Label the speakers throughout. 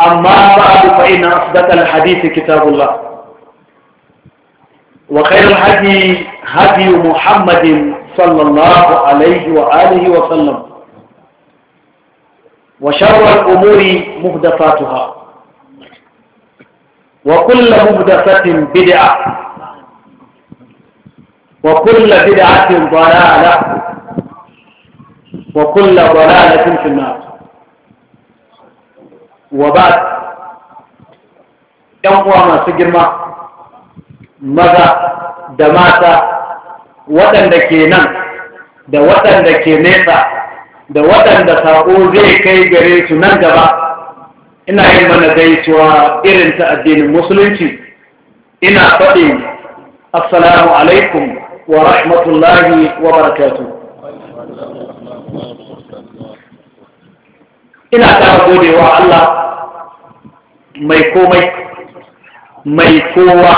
Speaker 1: أما بعد فإن أصدق الحديث كتاب الله وخير الهدي هدي محمد صلى الله عليه وآله وسلم وشر الأمور مهدفاتها وكل مهدفة بدعة وكل بدعة ضلالة وكل ضلالة في النار wa ba ɗan uwa masu girma maza da mata waɗanda ke nan da waɗanda ke nesa da waɗanda saƙo zai kai gare su nan gaba ina yin mana gaisuwa irin ta addinin musulunci ina faɗi assalamu alaikum wa rahmatullahi wa barakatu ina ta godewa Allah mai komai mai kowa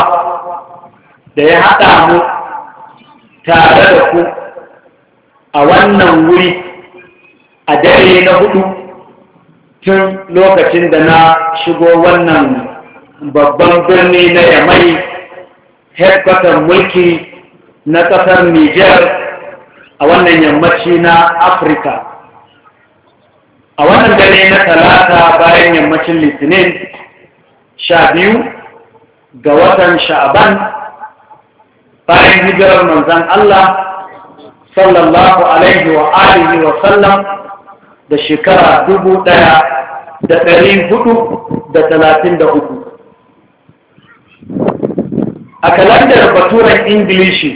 Speaker 1: da ya haɗa mu tare da ku a wannan wuri a dare na hudu tun lokacin da na shigo wannan babban birni na yamai headquarter mulki na ƙasar Niger, a wannan yammaci na Afirka. A wannan dare na talata bayan yammacin Litinin sha biyu ga watan sha'aban bayan hijirar manzan Allah sallallahu alaihi wa alihi wa sallam da shekara dubu ɗaya da ɗari hudu da talatin da hudu a kalandar baturen ingilishi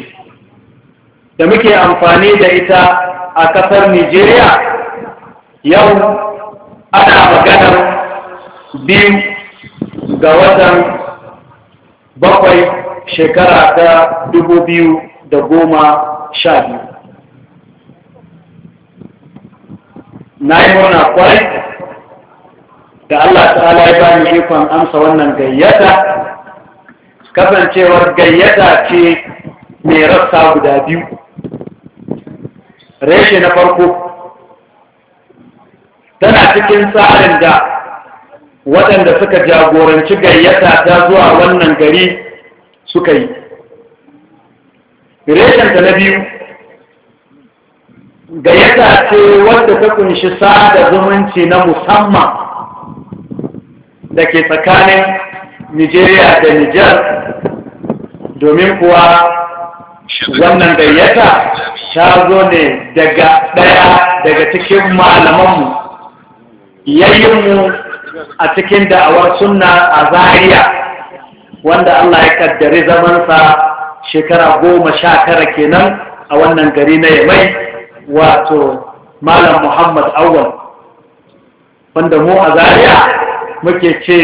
Speaker 1: da muke amfani da ita a ƙasar nigeria yau ana maganar biyu ga watan bakwai shekara ta dubu biyu da goma sha biyu na yi murna kwarai da Allah ta'ala ya bani ikon amsa wannan gayyata kasancewar gayyata ce mai rassa guda biyu reshe na farko tana cikin tsarin da waɗanda suka jagoranci gayyata ta zuwa wannan gari suka yi reshenta na biyu gayyata ce wadda ta kunshi sada zumunci na musamman da ke tsakanin nigeria da Nijar, domin kuwa wannan gayyata ta zo ne daga ɗaya daga cikin malamanmu yayinmu a cikin da'awar sunna a Zariya, wanda Allah ya kaddari zamansa shekara goma sha tara kenan a wannan gari na Yamai wato Malam Muhammad Awwal wanda mu a Zariya muke ce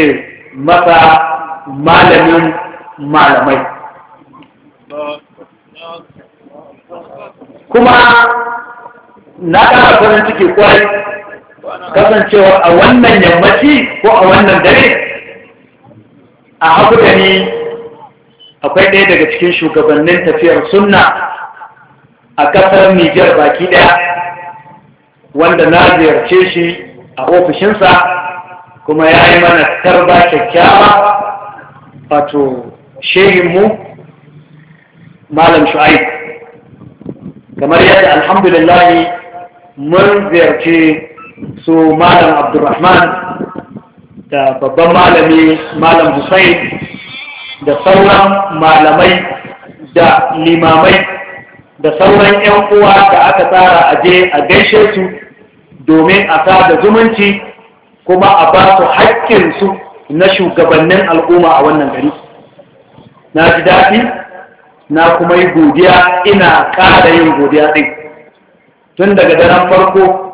Speaker 1: masa malamin malamai kuma
Speaker 2: na ƙara farin ciki kwai
Speaker 1: kasancewar a wannan yammaci ko a wannan dare a haku da ni akwai ɗaya daga cikin shugabannin tafiyar sunna a ƙasar Nijar baki ɗaya wanda na ziyarce shi a ofishinsa kuma ya yi mana tarba kyakkyawa wato shehinmu malam shu'aib kamar yadda alhamdulillahi mun ziyarci su malam abdurrahman da babban malami malam hussain da sauran malamai da limamai da sauran 'yan uwa da aka tsara aje a gaishe su domin a sada zumunci kuma a ba su haƙƙinsu na shugabannin al'umma a wannan gari na ji daɗi na kuma yi godiya ina ƙara yin godiya ɗin tun daga daren farko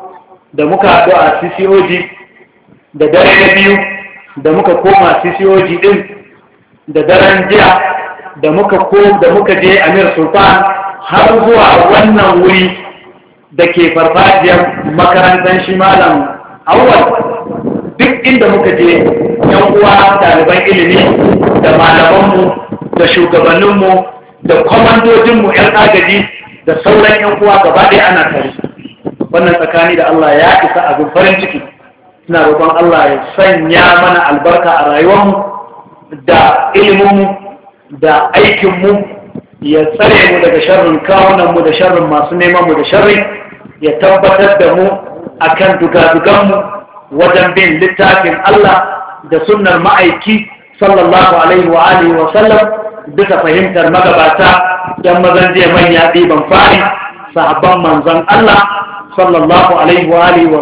Speaker 1: da muka haɗu a CCOG da dare na biyu da muka koma CCOG ɗin da daren jiya da muka ko da muka je Amir Sultan har zuwa wannan wuri da ke farfajiyar makarantar shi malam awal duk inda muka je yan uwa ɗaliban ilimi da malamanmu da shugabanninmu da kwamandojinmu 'yan agaji da sauran yan uwa gaba ɗaya ana tare wannan tsakani da Allah ya isa abin farin ciki suna roƙon Allah ya sanya mana albarka a rayuwarmu da iliminmu da aikinmu ya tsare mu daga sharrin kawunanmu da sharrin masu neman mu da sharri ya tabbatar da mu akan dugaduganmu wajen bin littafin Allah da sunnar ma'aiki sallallahu alaihi wa alihi wa sallam duka fahimtar magabata don mazan jiya manya ɗiban fari sahabban manzon Allah sallallahu alaihi wa alihi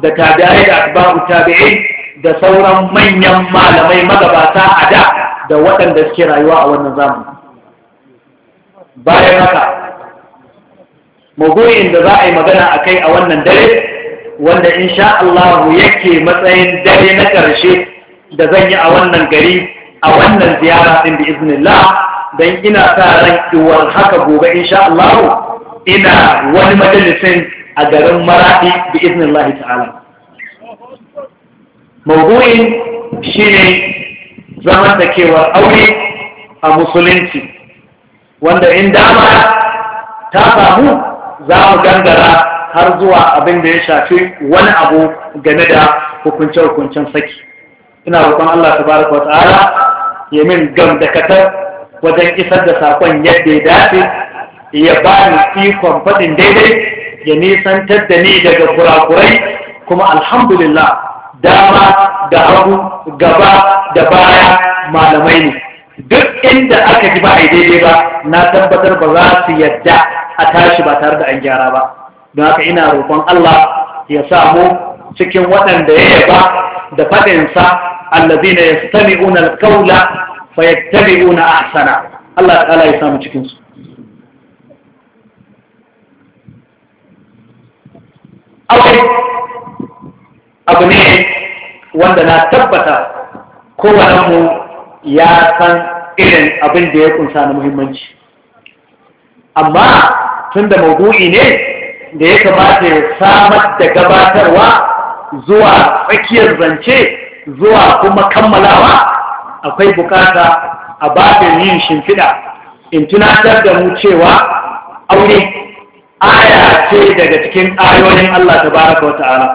Speaker 1: da tabi'ai da atba'u tabi'in da sauran manyan malamai magabata a
Speaker 2: da da
Speaker 1: waɗanda suke rayuwa a wannan zamani bayan haka magoyin da za a yi magana a kai a wannan dare wanda insha Allah yake matsayin dare na ƙarshe da zan yi a wannan gari a wannan ziyara ɗin bi iznillah don ina sa ran iwar haka gobe insha Allah ina wani majalisin a garin maraɗi bi iznin lahi ta'ala mawuyin shi ne zamantakewar aure a musulunci wanda in dama ta samu za mu gangara har zuwa abin da ya shafi wani abu game da hukunce-hukuncen saki ina roƙon Allah tabaraka wa ta'ala gam da katar wajen isar da sakon yadda ya dace ya ba ni ikon faɗin daidai ya nisantar da ni daga kurakurai kuma alhamdulillah dama da hagu gaba da baya malamai ne duk inda aka ji ba a daidai ba na tabbatar ba za su yadda a tashi ba tare da an gyara ba don haka ina roƙon Allah ya samu cikin waɗanda ya yaba da faɗinsa allazina yastami'una alqawla fayattabi'una ahsana Allah ta'ala ya samu cikin su aure abu ne wanda na tabbata mu ya san irin abin da ya kunsa na muhimmanci amma tun da maudu'i ne da ya kamata ya samar da gabatarwa zuwa tsakiyar zance zuwa kuma kammalawa akwai bukata a babin yin shimfiɗa in tunatar da mu cewa aure aya ce daga cikin ayoyin Allah tabaraka wa ta'ala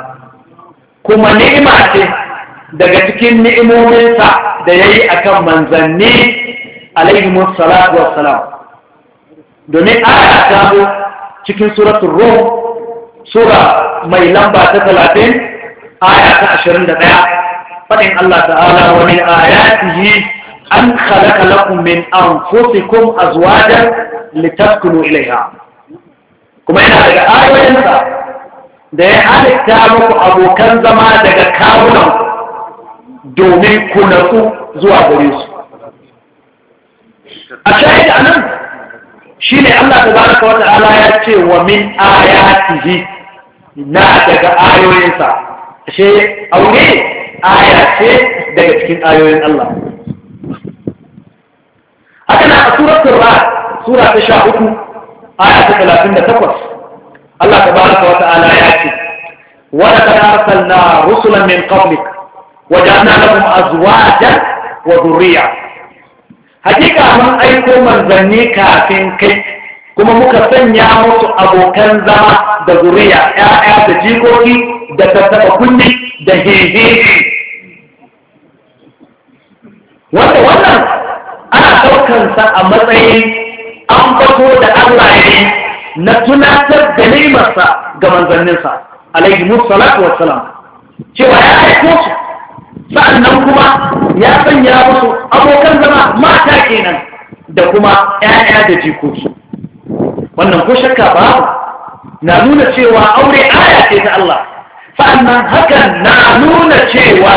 Speaker 1: kuma ni'ima ce daga cikin ni'imominsa da yayi akan manzanni alaihimus salatu wassalam domin aya ta zo cikin suratul ruh sura mai lamba ta 30 aya ta 21 fadin Allah ta'ala wa min ayatihi an khalaqa lakum min anfusikum azwajan litaskunu ilayha
Speaker 2: kuma yana daga ayoyinsa
Speaker 1: da ya halitta muku abokan zama daga kawunan domin ku natsu zuwa gare su a shahid a nan shi ne Allah ta Ka wata ala ya ce wa min ayatihi na daga ayoyinsa ashe aure aya ce daga cikin ayoyin Allah haka na a suratun ra sura ta sha uku aya ta talatin da takwas Allah ta baraka Wata Ala ya ce wa laqad arsalna rusulan min qablik wa ja'alna lahum azwajan wa zuriya hakika mun aiko manzanni kafin kai kuma muka sanya musu abokan zama da zuriya Yaya da jikoki da tattaba kunni da hehe wanda wannan ana ɗaukansa a matsayin an fato da Allah ya yi na tunatar da nimarsa ga manzanninsa alaihi musallatu salam. cewa ya haifo su sa'annan kuma ya sanya musu abokan zama mata kenan da kuma 'ya'ya da jikoki wannan ko shakka ba? na nuna cewa aure aya ce ta Allah sannan hakan na nuna cewa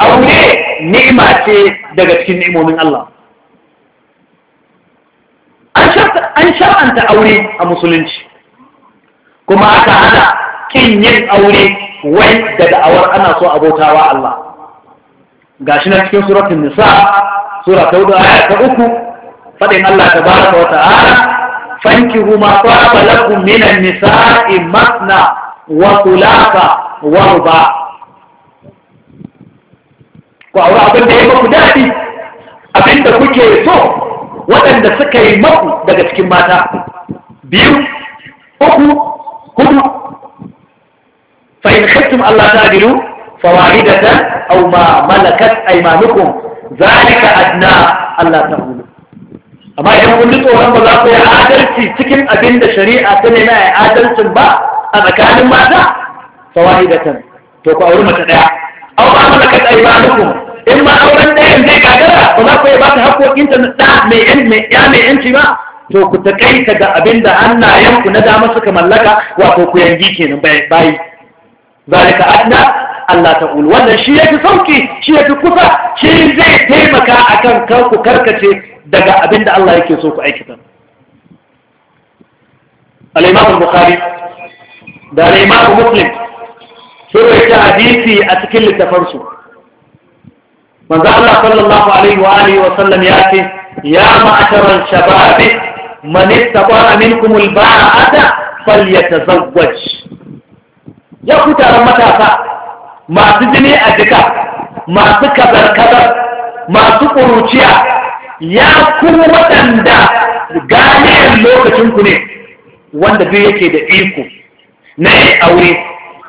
Speaker 1: aure ni'ima ce daga cikin ni'imomin Allah an shar'anta aure a musulunci kuma aka hana kin yin aure wai da da'awar ana so abotawa Allah Ga shi na cikin suratun nisa sura ta hudu aya ta uku faɗin Allah ta baraka wa ta'ala fankihu ma qaba lakum minan nisa'i masna wa thulatha wa ruba ku aure abin da ya ku daɗi abin da kuke so waɗanda suka yi maku daga cikin mata biyu uku hudu fa in khiftum alla ta'dilu fawahidatan aw ma malakat aymanukum zalika adna alla ta'dilu amma idan kun tsoron ba za ku yi adalci cikin abin da shari'a ta nema ya adalcin ba a tsakanin mata fawahidatan to ku auri mace daya aw ma malakat aymanukum in ma auren ɗayan zai gagara ba za ku iya ba ta haƙoƙinta ta ɗa mai ya mai yanci ba to ku ta kai ka ga abin da hannayenku na dama suka mallaka wato ku yangi kenan bayi zalika adna Allah ta ulu wannan shi fi sauki shi fi kusa shi zai taimaka akan kan ku karkace daga abin da Allah yake so ku aikata al-Imam Bukhari da al-Imam Muslim sun rawaita hadisi a cikin littafansu manzo Allah sallallahu alaihi wa alihi wa sallam ya ce ya ma'asharal shabab man istata'a minkum alba'ata falyatazawwaj ya ku taron matasa masu jini a jika masu kazar kazar masu ƙuruciya ya ku waɗanda gane lokacinku ne wanda duk yake da iko na yi aure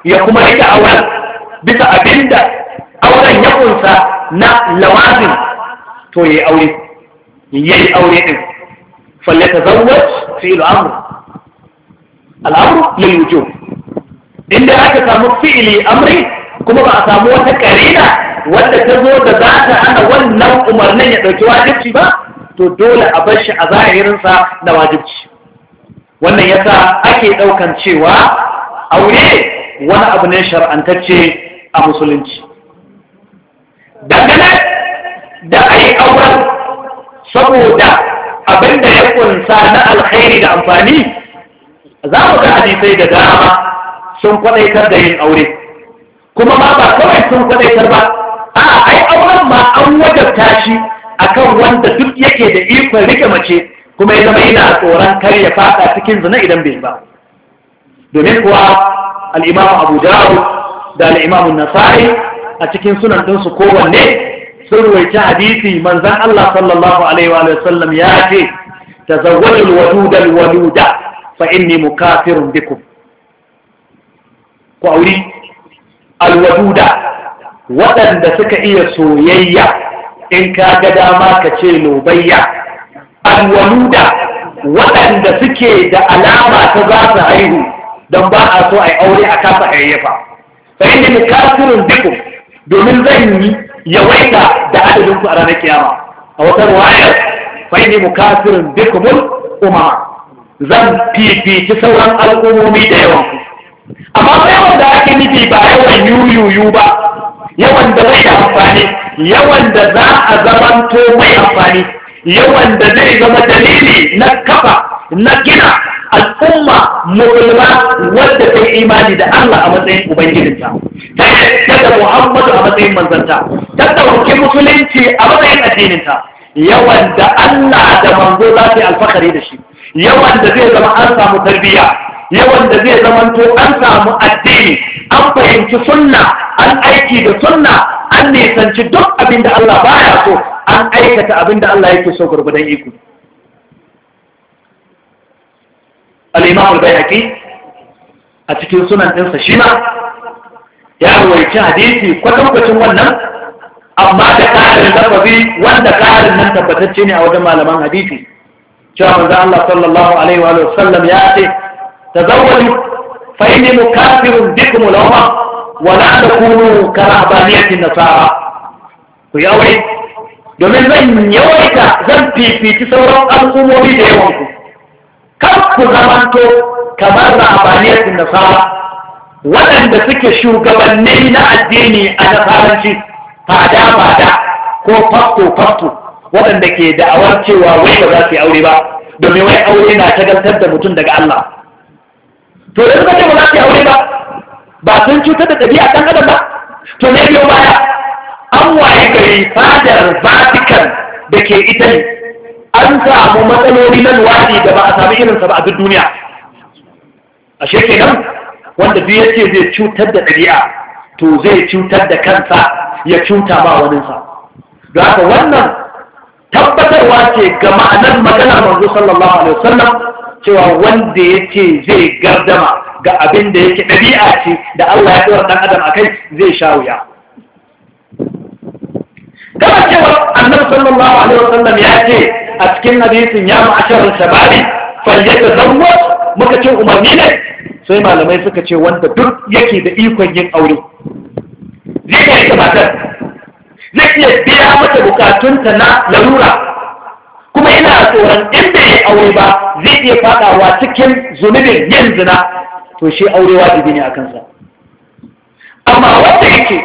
Speaker 1: ya kuma rike auren bisa abinda auren ya kunsa na lawazin to yayi aure yayi aure din falyatazawwaj fi'lu amr al'amru lil wujub inda aka samu fi'li amri kuma ba a samu wata karina wanda ta zo da za ta ana wannan umarnin ya dauki wajibci ba to dole a bar shi a zahirinsa na wajibci wannan yasa ake daukan cewa aure wani abu ne shar'antacce a musulunci dangane da a yi auren saboda abin da ya kunsa na alkhairi da amfani za mu ga hadisai da dama sun kwadaitar da yin aure kuma ma ba kawai sun kwadaitar ba a ai auren ma an wajabta shi akan wanda duk yake da ikon rike mace kuma ya zama yana tsoron kar ya fada cikin zina idan bai ba domin kuwa al-imam Abu da al Nasari. a cikin sunan ɗinsu kowanne sun ruwaici hadisi manzan Allah sallallahu alaihi wa sallam ya ce tazawwajul waduda waluda fa inni mukafirun bikum ku auri alwaduda waɗanda suka iya soyayya in ka ga dama ka ce lobayya alwaluda waɗanda suke da alama ta za su haihu don ba a so a yi aure a kasa yayyafa, fa inni mukafirun bikum domin zan yi yawaita da adadin ku a ranar kiyama
Speaker 2: a wata ruwayar
Speaker 1: fa inni mukasirin bikumul umma zan fifici sauran al'ummomi da yawan ku amma yawan da ake nufi ba yawan yuyuyu ba yawan da zai da amfani yawan da za a zamanto mai amfani yawan da zai zama dalili na kafa na gina al'umma musulma wadda ta yi imani da Allah a matsayin ubangijinta ta yadda Muhammadu a matsayin manzanta ta ɗauki musulunci a matsayin addininta yawan da Allah da manzo za su yi alfahari da shi yawan da zai zama an samu tarbiyya yawan da zai zama to an samu addini an fahimci sunna an aiki da sunna an nisanci duk abin da Allah baya so an aikata abin da Allah yake so gurgudan iko al-imam a cikin sunan ɗinsa shi ma ya rawaici hadisi kwatankwacin wannan amma da ƙarin lafazi wanda ƙarin nan tabbatacce ne a wajen malaman hadisi cewa manzo Allah sallallahu alaihi wa sallam ya ce tazawwaju fa inni mukafirun bikum lawma wa la takunu karabaniyatin nasara ku yawai domin zan yawaita zan fifiti sauran al'ummomi da yawanku kar ku zamanto kamar rabaniyatun nasara waɗanda suke shugabanni na addini a nasaranci fada fada ko fasto fasto waɗanda ke da'awar cewa wai ba za su yi aure ba domin wai aure na gantar da mutum daga Allah to da suka ce ba za su yi aure ba ba sun cutar da ɗabi'a ɗan adam ba to ne biyo baya an waye gari fadar Vatican da ke Italy an samu matsaloli na luwaɗi da ba a sami sa ba a duk duniya a shekenan wanda duk yake zai cutar da ɗari'a to zai cutar da kansa ya cuta ma sa, da haka wannan tabbatarwa ce ga ma'anar magana manzo sallallahu alaihi wasallam cewa wanda yake zai gardama ga abin da yake ɗabi'a ce da Allah ya ɗora ɗan adam akai zai sha wuya kama cewa annabi sallallahu alaihi wasallam ya ce a cikin hadisin ya ma'asharar shabari fayyata zango muka ce umarni ne sai malamai suka ce wanda duk yake da ikon yin aure zai iya ita zai iya biya mata bukatunta na larura kuma yana tsoron in bai yi aure ba zai iya fadawa cikin zunubin yin zina to shi aure wajibi ne a kansa amma wanda yake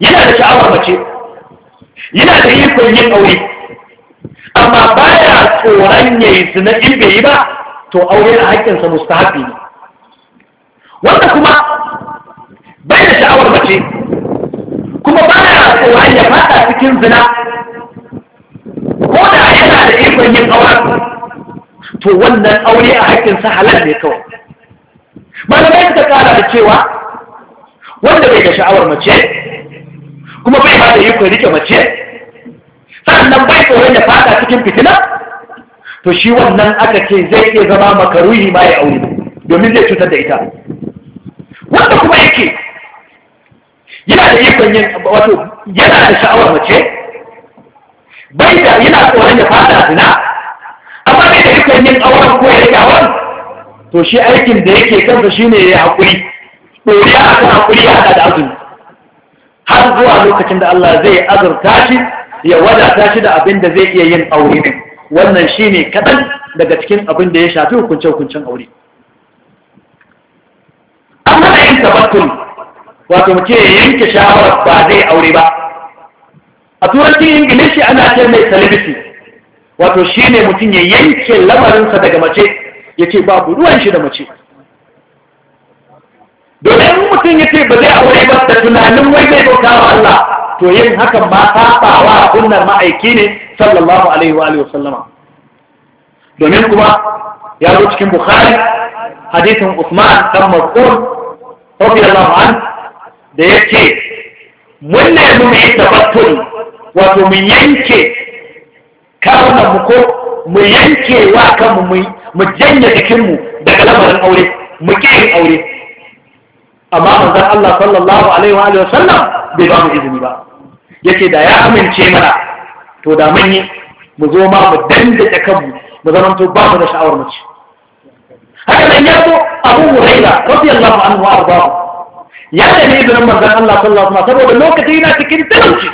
Speaker 1: yana da sha'awar mace yana da ikon yin aure amma baya tsoron ya yi zina in bai yi ba to aure a haƙƙinsa mustahabi ne wanda kuma bai da sha'awar mace kuma baya tsoron ya fata cikin zina ko da yana da ikon yin aure to wannan aure a haƙƙinsa halal ne kawai malamai suka kara da cewa wanda bai da sha'awar mace kuma bai ba da ikon rike mace sannan bai tsoron da fata cikin fitina to shi wannan aka ce zai iya zama makaruhi ma ya aure domin zai cutar da ita wanda kuma yake yana da ikon yin wato yana da sha'awar mace bai da yana tsoron da fata zina amma bai da ikon yin auren ko ya yi auren to shi aikin da yake kansa shine ya haƙuri ɗoriya akan haƙuri ya haɗa da azumi har zuwa lokacin da Allah zai azurta shi ya wadata shi da abin da zai iya yin aure ne wannan shi ne kaɗan daga cikin abin da ya shafi hukunce-hukuncen aure amma da yin tabbatun wato muke yanke shawarar ba zai aure ba a turancin ingilishi ana ce mai salibiti wato shi ne mutum ya yanke lamarinsa daga mace ya ce babu ruwan shi da mace domin mutum ya ce ba zai aure ba da tunanin wai zai bauta wa Allah to yin hakan ma a sunnar ma'aiki ne sallallahu alaihi wa alihi wasallama domin kuma ya zo cikin bukhari hadisin usman dan mazkur radiyallahu an da yake mun ne mun yi tabattul wato mun yanke karna mu ko mu yanke wa kanmu mu janye jikinmu daga lamarin aure mu ƙi aure amma manzon Allah sallallahu alaihi wa alihi wasallam bai ba mu izini ba yace da ya amince mana to da mun yi mu zo ma mu dandace kanmu mu zama to ba mu da sha'awar mace haka nan ya zo Abu Hurairah radiyallahu anhu wa ardahu ya da ne ibn manzon Allah sallallahu alaihi wasallam saboda lokacin yana cikin talauci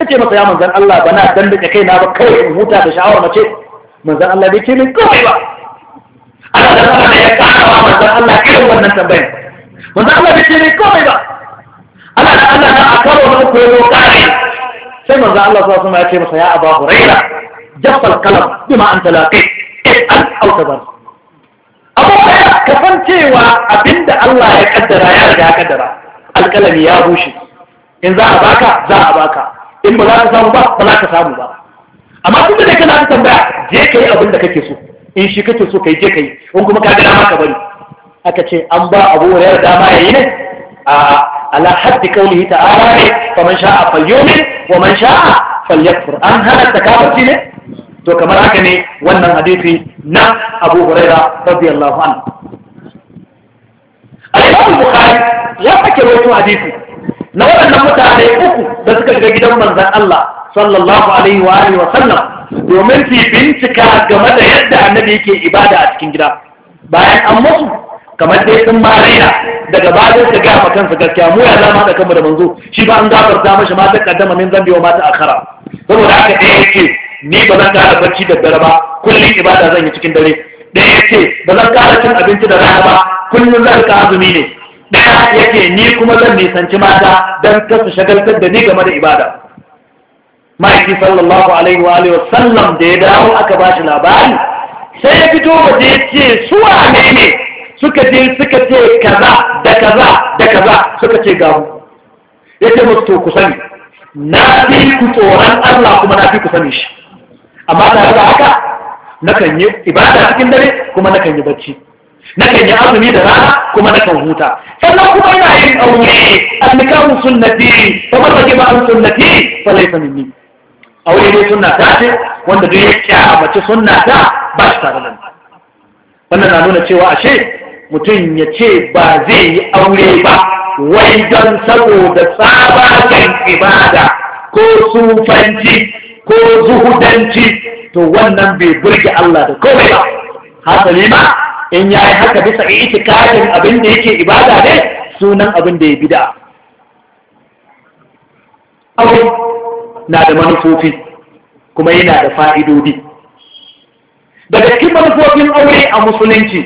Speaker 1: yace masa ya manzon Allah bana dandace kaina ba kawai in huta da sha'awar mace manzon Allah bai ce min kawai ba Allah da ya kara wa manzon Allah irin wannan tambayar manzo Allah bai ce ne komai ba Allah da Allah na akaro na uku yazo kare sai manzo Allah sallallahu alaihi ya ce masa ya Abu Hurairah jaffal kalam bima anta laqi is'al an tabar Abu Hurairah ka san cewa abinda Allah ya kaddara ya riga ya kaddara alkalami ya bushe in za a baka za a baka in ba za ka samu ba ba za ka samu ba amma duk da kana tambaya je kai abinda da kake so in shi kake so kai je kai in kuma ka ga dama ka bari aka ce an ba abu hurairar dama yi ne a ala haddi kaulihi ta'ala ne fa man sha'a falyomi, wa man sha'a falyakfur an hana takafarci ne to kamar haka ne wannan hadisi na abu hurairar radiyallahu anhu al-imam ya sake wato hadisi na waɗannan mutane uku da suka shiga gidan manzon Allah sallallahu alaihi wa alihi wa sallam domin su bincika game da yadda annabi yake ibada a cikin gida bayan an mutu kamar dai sun ma raina daga bayan su gafa kansa gaskiya mu ya zama da kanmu da manzo shi ba an gafarta mashi ta kaddama min zambi wa mata akhara saboda haka ɗaya yake ni ba zan kara bacci da dare ba kullum ibada zan yi cikin dare ɗaya yake ba zan kara cin abinci da rana ba kullum zan ka azumi ne ɗaya yake ni kuma zan nisanci mata don su shagaltar da ni game da ibada ma'aiki sallallahu alaihi wa alihi wa sallam da ya dawo aka bashi labari sai ya fito waje ya
Speaker 2: ce su wane ne
Speaker 1: suka je suka ce kaza da kaza da kaza suka ce gawo ya ce musu to ku sani na fi ku tsoron Allah kuma na fi ku sani shi amma ta da haka na kan yi ibada cikin dare kuma na kan yi bacci kan yi azumi da rana kuma na kan huta sannan kuma ina yin aure annikahu sunnati kamar da ke ba sunnati fa laifa minni aure ne sunna ta ce wanda duk ya kyamace sunna ta ba shi tare da ni wannan na nuna cewa ashe mutum ya ce ba zai yi aure ba wai don saboda sabon ibada ko sufanci ko zuhudanci to wannan bai burge Allah da komai ba hasali ma in yi haka bisa itikadin abin da yake ibada ne sunan abin da ya bid'a aure na da manufofi kuma yana da fa'idodi daga cikin manufofin aure a musulunci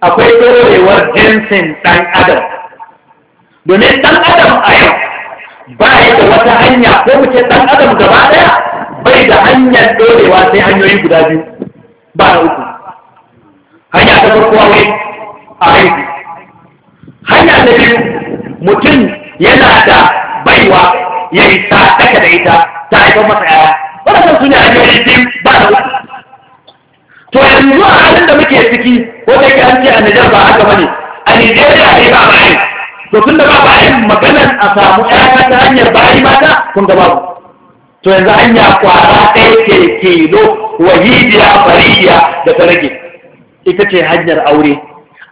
Speaker 1: akwai ɗorewar jinsin ɗan adam domin ɗan adam a yau ba ya da wata hanya ko muke ɗan adam gaba ɗaya bai da hanyar ɗorewa sai hanyoyi guda biyu ba na uku hanya ta farko wai a haihu hanya ta biyu mutum yana da baiwa ya yi ta da ita ta haifar masa yaya waɗannan su ne hanyoyi biyu ba na uku to yanzu a halin da muke ciki ko da ke a Nijar ba haka bane a Nijeriya ne ba bayan. to tun da ba bayan maganar a samu ƴaƴa ta hanyar bayi mata kun da babu to yanzu hanya kwara ɗaya ke kilo wahidiya fariya da ta rage ita ce hanyar aure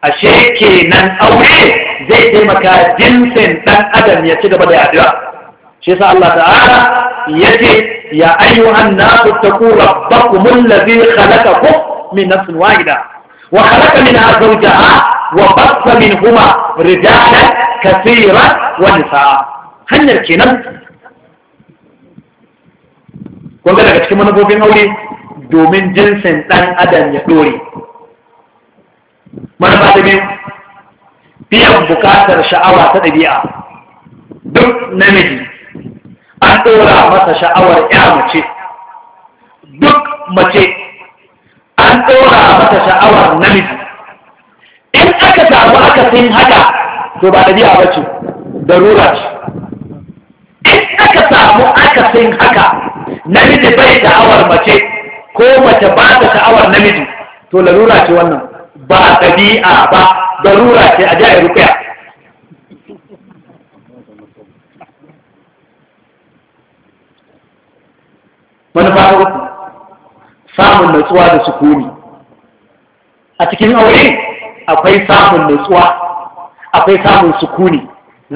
Speaker 1: ashe kenan aure zai taimaka jinsin ɗan adam ya ci gaba da yaduwa شيخ الله تعالى يجي يا أيها الناس اتقوا ربكم الذي خلقكم من نفس واحدة وخلق زوجها وبث منهما رجالا كثيرا ونساء هل يمكن أن كنت لك كما نقول في أولي دومين جنسين تان أدن يدوري ما نفعل an ɗora masa sha'awar ya mace duk mace an ɗora masa sha'awar namiji in aka samu aka sun haka to ba ɗabi'a ba ce darura ce in aka samu aka sun haka namiji bai sha'awar mace ko mace ba ta sha'awar namiji to larura ce wannan ba ɗabi'a ba darura ce a jihar rufiya manufa ta uku samun natsuwa da sukuni a cikin aure akwai samun natsuwa akwai samun sukuni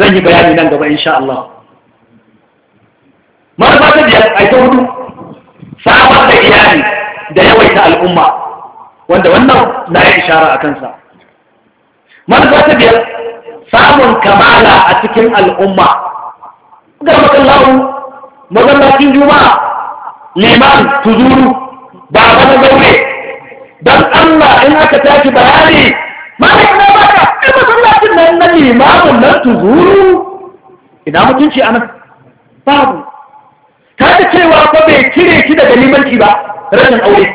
Speaker 1: zan yi bayani nan gaba insha Allah manufa ta biyar a ita hudu samar da iyali da yawaita al'umma wanda wannan na yi ishara a kansa manufa ta biyar samun kamala a cikin al'umma ga makallahu mazallacin juma'a liman tuzuru ba ba na zaune dan Allah in aka tashi bayani malai na baka in masallacin nan na limamin nan tuzuru ina mutunci nan? babu Ta cewa fa bai kire ki daga limanci ba rashin aure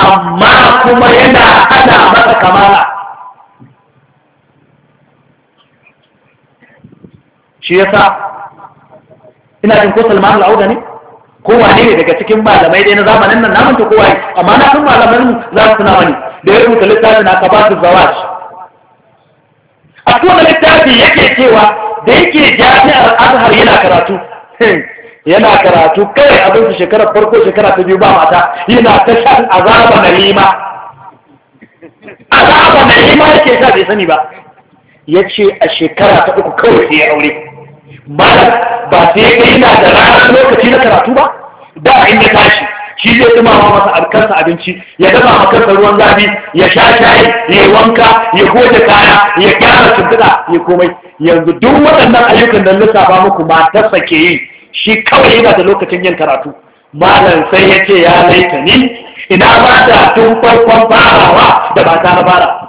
Speaker 1: amma kuma yana hana masa kamala shi yasa ina jin ko Salman al'auda ne wane ne daga cikin malamai dai na zamanin nan namun ta kowaye amma na malamai mu za su na wani da ya rubuta littafin na kabatu zawaj a kowane littafi yake cewa da yake jami'ar azhar yana karatu yana karatu kai abin su shekarar farko shekara ta biyu ba mata yana ta shan azaba na lima azaba na lima yake sa bai sani ba ya ce a shekara ta uku kawai sai ya aure malam ba sai kai na da ranar lokaci na karatu ba da in ya tashi shi zai zama masa alkansa abinci ya wa makarsa ruwan zafi ya sha shayi ya yi wanka ya goge kaya ya gyara shimfiɗa ya komai yanzu duk waɗannan ayyukan da lissafa muku matarsa ke yi shi kawai yana da lokacin yin karatu malam sai ya ce ya laita ni ina ba da tun farkon farawa da ba ta na fara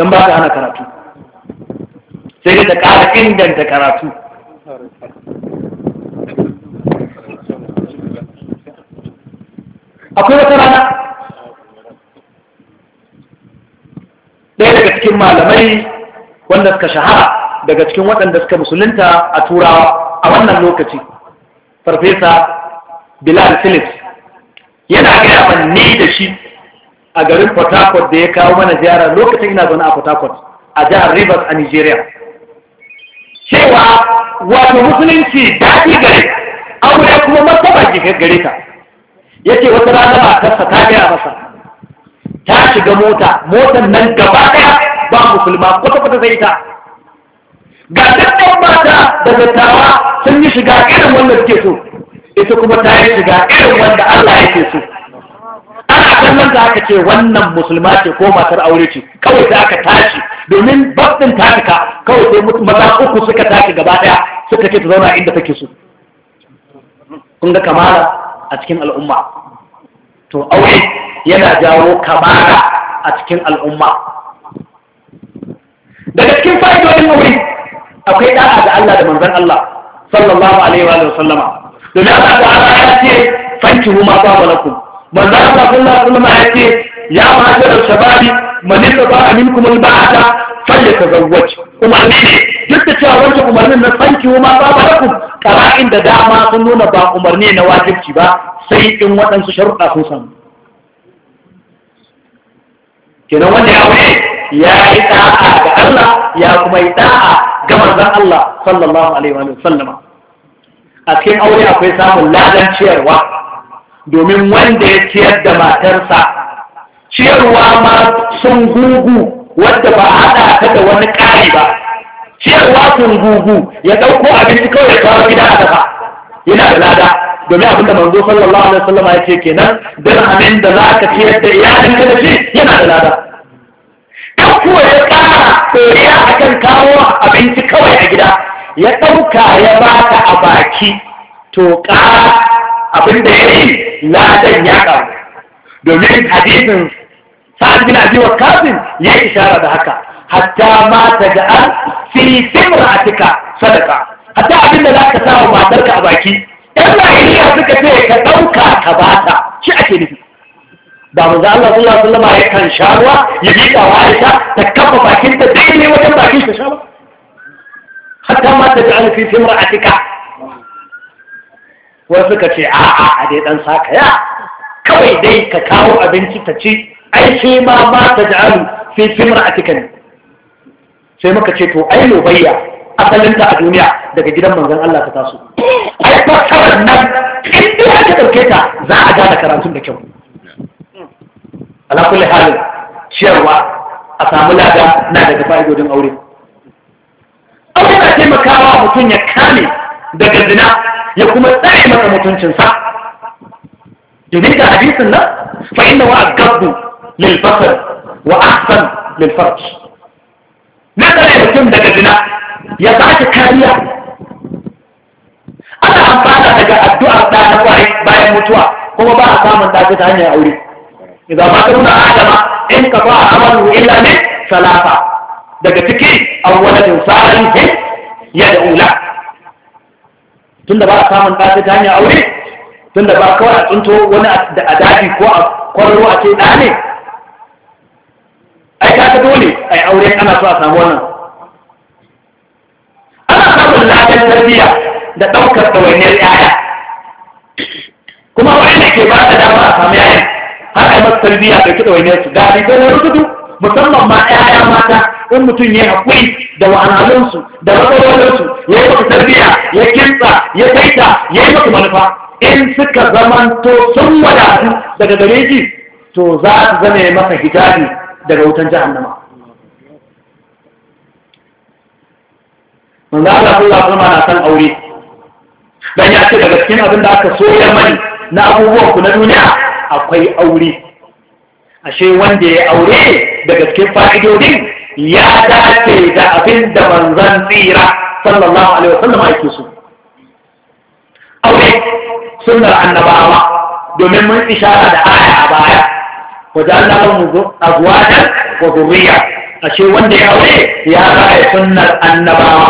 Speaker 1: Dan ba hana karatu sai da ƙara inganta karatu akwai wata rana ɗaya daga cikin malamai wanda suka shahara daga cikin waɗanda suka musulunta a turawa a wannan lokaci farfesa bilal phillips yana gaya ni da shi a garin port harcourt da ya kawo mana ziyara lokacin ina zaune a port harcourt a jihar rivers a nigeria cewa wato musulunci daɗi gare ya kuma martaba jikin gare ta ya ce wata rana matarsa ta gaya masa ta shiga mota motan nan gaba ɗaya ba musulma kwata-kwata zai ta ga dukkan mata da dattawa sun yi shiga irin wanda suke so ita kuma ta yi shiga irin wanda Allah yake so ana kallon ta aka ce wannan musulma ce ko matar aure ce kawai za ka tashi domin babin taka kawai sai maza uku suka tashi gaba daya suka ce ta zauna inda take su, kun ga kamara a cikin al'umma to aure yana jawo kamara a cikin al'umma daga cikin fa'idodin aure akwai da'a ga Allah da manzon Allah sallallahu alaihi wa sallama domin Allah ya ce fanki ma ba lakum manzan sallallahu alaihi wasallam ya ce ya ma'ajara shababi man yastata minkum al-ba'ata falyatazawwaj umarni ne duk da cewa wancan umarnin na sanki ma ba ba ku qara'in da dama sun nuna ba umarni na wajibci ba sai in waɗansu sharuɗa sun samu kenan wanda ya wuce ya yi da'a ga Allah ya kuma yi da'a ga manzan Allah sallallahu alaihi wa sallama a cikin aure akwai samun ladan ciyarwa domin wanda ya ciyar da matarsa ciyarwa ma sun gugu wadda ba haɗa ta da wani ƙari ba ciyarwa sun gugu ya ɗauko abinci kawai ya kawo gida a dafa yana da lada domin abin da manzo sallallahu alaihi wasallam ya ce kenan dirhamin da za ka ciyar da iyalin ka da shi yana da lada kan kuwa ya ƙara ɗoriya akan kawo abinci kawai a gida ya ɗauka ya baka a baki to ƙara abin da ya yi ladan ya ƙaru domin hadisin sa'ad bin kafin ya ya ishara da haka hatta ma ta an fi cika sadaka hatta abin da ka sa wa matarka a baki dan lahiriya suka ce ka ɗauka ka ba ta shi ake nufi da manzo Allah sallallahu alaihi wasallam ya kan sharuwa ya bi ta Aisha ta kafa bakin ta dai ne wajen bakin ta hatta ma ta an fi cika wasu ka ce a'a a dai dan saka ya kawai dai ka kawo abinci ta ci ai ce ma ba ta sai fi a cikin sai muka ce to ai lobayya asalinta a duniya daga gidan manzan Allah ta taso
Speaker 2: ai fassarar nan in ya ta ɗauke ta
Speaker 1: za a gane karatun da kyau ala halin ciyarwa a samu lada na daga fa'idodin aure aure na taimakawa mutum ya kame daga zina ya kuma tsaye masa mutuncinsa domin ga hadisin nan fa inna wa gabu lil wa ahsan lil farj na da mutum daga zina ya sake kariya ana amfana daga addu'a da na bayan mutuwa kuma ba a samun dace ta hanyar aure idan ba ka nuna adama in ka ba amalu illa ne salafa daga ciki awwaladin salihin ya da ula Tun da ba a samun ɗa ta hanyar aure tun da ba kawai a tsinto wani da a daji ko a kwararo a ce ɗa ne ai ta dole a yi aure ana so a samu wannan ana samun ladan tarbiyya da ɗaukar ɗawainiyar yaya kuma wanda ke ba da dama a samu yayan har a yi masu tarbiyya da ki ɗawainiyar su da rigar rubutu musamman ma yaya mata in mutum ya haƙuri da wahalhalunsu da matsalolinsu ya yi masu tarbiyya ya kinsa ya kaita ya yi masu manufa in suka zamanto sun wadatu daga gare shi to za su zame maka hijabi daga wutan jahannama manzo Allah Allah kuma na san aure dan ya ce daga cikin abin da aka soya mani na abubuwan ku na duniya akwai aure ashe wanda ya aure daga cikin fa'idodin ya dace da abin da manzan tsira sallallahu alaihi wasallam ake so aure sunnar annabawa domin mun ishara da aya a baya wa ja'alna lahum azwajan wa dhurriya ashe wanda ya aure ya raya sunnar annabawa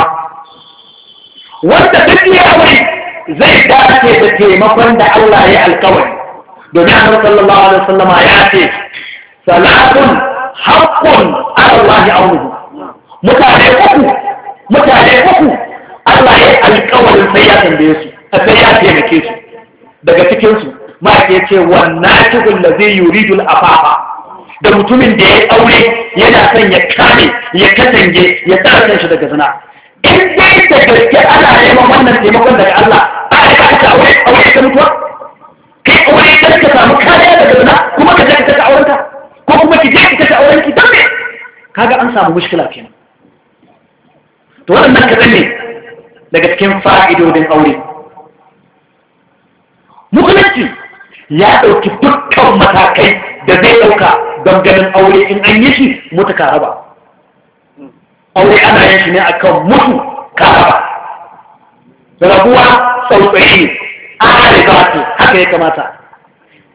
Speaker 1: wanda duk ya aure zai dace da taimakon da Allah ya alkawari domin annabi sallallahu alaihi wasallama ya ce salatun haƙƙun ya aunuhu mutane uku mutane uku Allah ya alƙawarin sai ya tambaye su sai ya taimake su daga cikin su ma ke ce wannan cikin da zai dul afafa da mutumin da ya aure yana son ya kame ya katange ya tsara shi daga zina in dai da gaske ana neman wannan taimakon daga Allah ba a ka ka aure aure ka mutuwa kai aure ka samu kariya daga zina kuma ka ka aurenka kuma ki je ki kashe auren ki dame kaga an samu mushkila kenan to ne daga cikin fa'idodin aure musulunci ya ɗauki dukkan matakai da zai ɗauka don aure in an yi shi mutu karaba aure ana yin shi ne akan mutu karaba rabuwa tsaye a haka ya kamata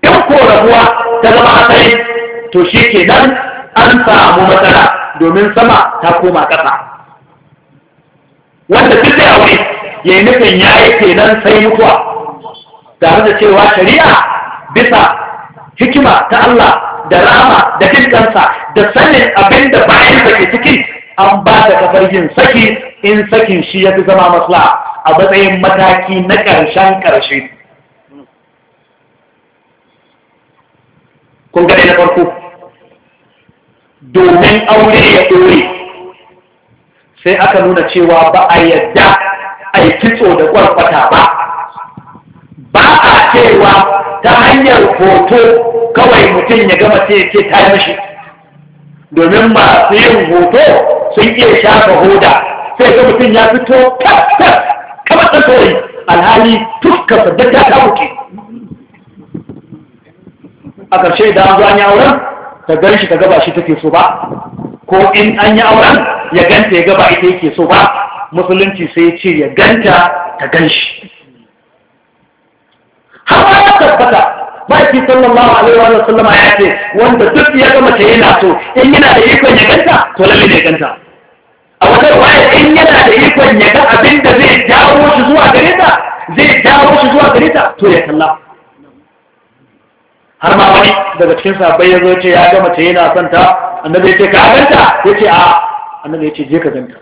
Speaker 1: in ko rabuwa ta zama asali to shi ke nan an samu matsala domin sama ta koma ƙasa wanda duk da aure ya yi nufin ya yi ke nan sai mutuwa tare da cewa shari'a bisa hikima ta Allah da rama da dinkansa da sanin abin da bayan ke cikin an ba da kafar yin saki in sakin shi ya fi zama masla a matsayin mataki na ƙarshen ƙarshe. Kun gane na farko, domin aure ya ɗore sai aka nuna cewa ba a yadda a yi kitso da kwarkwata ba ba a cewa ta hanyar hoto kawai mutum ya gama sai ce ta mashi domin masu yin hoto sun iya shafa hoda sai ga mutum ya fito tas kamar tsakoyi alhali tukka da ta ke, a ƙarshe da an zuwa wurin ta gan shi ta gaba shi take so ba ko in an yi auren ya ganta ya gaba ita yake so ba musulunci sai ce ya ganta ta gan shi hawa ya tabbata baki sallallahu alaihi wa sallama ya ce wanda duk ya gama ta yana so in yana da ikon ya ganta to lalle ne ganta a wata waye in yana da ikon ya ga abin da zai jawo shi zuwa gare ta zai jawo shi zuwa gare ta to ya kalla har ma wani daga cikin sabai ya zo ce ya ga mace yana son ta annabi ya ce ka ganta ya ce a annabi ya ce je ka ganta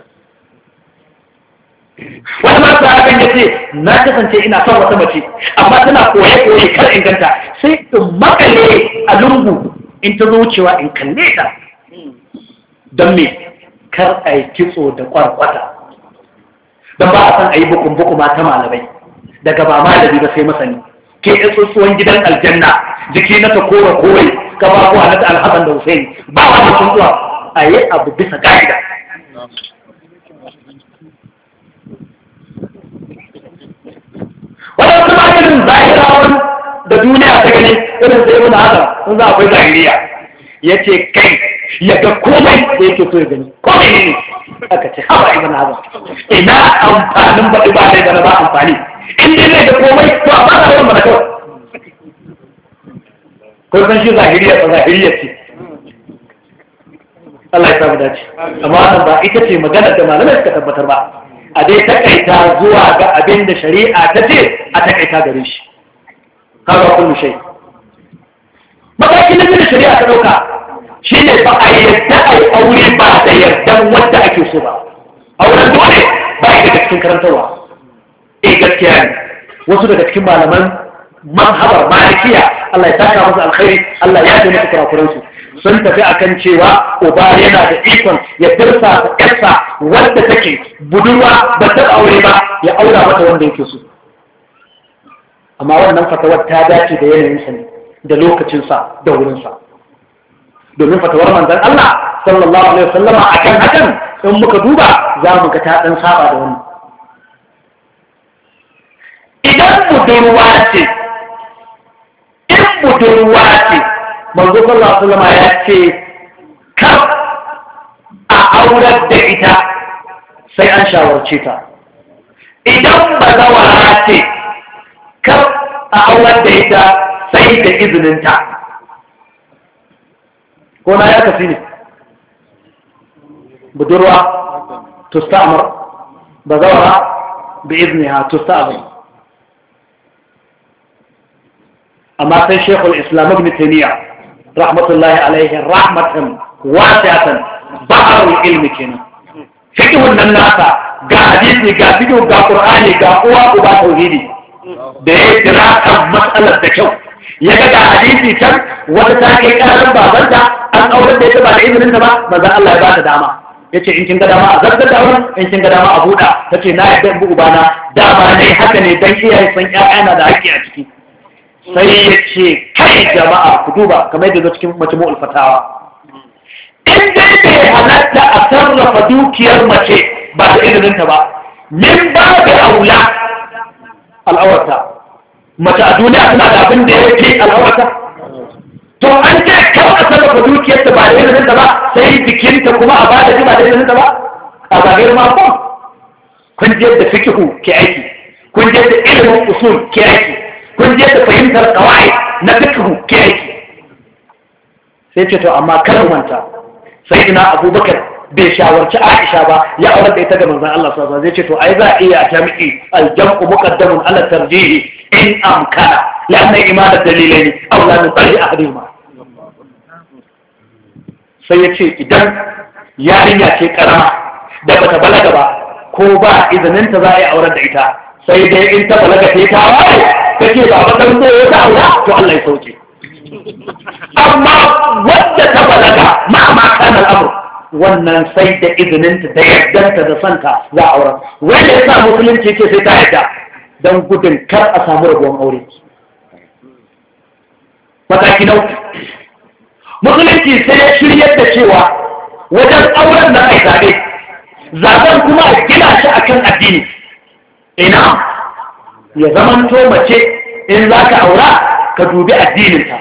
Speaker 1: wani ma sa hakan ya ce na kasance ina son wata mace amma tana koye koye kar in ganta sai in makale a lungu in ta zo wucewa in kalle ta don me kar a yi kitso da kwarkwata don ba a san a yi bukun bukuma ta malamai daga ba malami ba sai masani ke ya gidan aljanna jiki na ta kowa kowai ka ba ku halatta alhassan da hussein ba wa da zuwa a yi abu bisa ga'ida su ba irin zahirawan
Speaker 2: da duniya ta gani irin sai yi
Speaker 1: haka sun za a kai zahiriya ya ce kai ya ga komai da yake so ya gani komai ne aka ce hawa ibn hazan ina amfanin baɗi ba dai da na ba amfani in dai bai da komai to a ba ta mana kawai ko san shi zahiriya ba zahiriya ce Allah ya samu dace amma wannan ba ita ce magana da malamai suka tabbatar ba a dai takaita zuwa ga abin da shari'a ta ce a takaita gare shi kaga kullu shay matakin da shari'a ta dauka shine ba a yadda a aure ba da yardan wanda ake so ba auren dole ba ya daga cikin karantarwa eh gaskiya ne wasu daga cikin malaman mazhabar malikiya Allah ya saka musu alkhairi Allah ya ce musu kurakuran su sun tafi akan cewa uba yana da ikon ya dirsa ta ƴarsa wanda take budurwa ba ta aure ba ya aura mata wanda yake so amma wannan fatawar ta dace da yanayin sa da lokacin sa da wurin sa domin fatawar manzon Allah sallallahu alaihi wasallama akan hakan in muka duba za mu ga ta dan saba da wannan idan budurwa ce in budurwa ce manzo sallallahu alaihi wasallam ya ce kar a aurar da ita sai an shawarce ta
Speaker 2: idan bazawa ce
Speaker 1: kar a aurar da ita sai da ta ko na ya kafi ne budurwa tusta'mar bazawa bi izniha tusta'mar amma sai shekul islam ibn taimiyya rahmatullahi alaihi rahmatan wasi'atan wani ilmi kenan fiƙi wannan nasa ga hadisi ga fiƙi ga ƙur'ani ga uwa uba tauhidi da ya jira kan matsalar da kyau ya ga ga hadisi can wata ta kai babanta an auren da ya ba da izinin ta ba manzon Allah ya ba ta dama ce in kin ga dama a zartar da in kin ga dama a buɗa ta ce na yadda in bi ubana dama ne haka ne dan iyaye san ƴaƴana da haƙƙi a ciki sai ya ce kai jama'a ku duba kamar yadda cikin majmu'ul fatawa in dai bai halatta a sarrafa dukiyar mace ba da ta ba min ba da aula al'awarta mace a duniya suna da abin da ya ce al'awarta to an ce kawai a sarrafa dukiyarta ba da ta ba sai bikin ta kuma a bada da ba da ta ba a zagayar mako? kun je da fikihu ke aiki kun je da ilimin usul ke aiki kun je da fahimtar kawai na fikihu ke aiki sai ce to amma kar manta sai ina abubakar bai shawarci aisha ba ya aure da ita ga manzon Allah sallallahu alaihi wasallam zai ce to ai za a iya jami'i aljam'u muqaddamun ala tarjihi in amkana la'anna imada dalilai aw la nusalli ahadihima sai ya ce idan yarinya ce karama da bata balaga ba ko ba izininta za a yi aure da ita sai dai in ta balaga ta ta ke kake ba ba dan ta aura to Allah ya sauke amma wadda ta balaga ma ma kana abu wannan sai da izininta da yaddanta da sanka za a aura wanda ya sa musulunci ke sai ta yadda don gudun kar a samu rabuwan aure mataki na musulunci sai ya shiryar da cewa wajen auren na aikade zaɓe zaɓen kuma a gina shi akan addini ina ya zamanto mace in za ka aura ka dubi addininta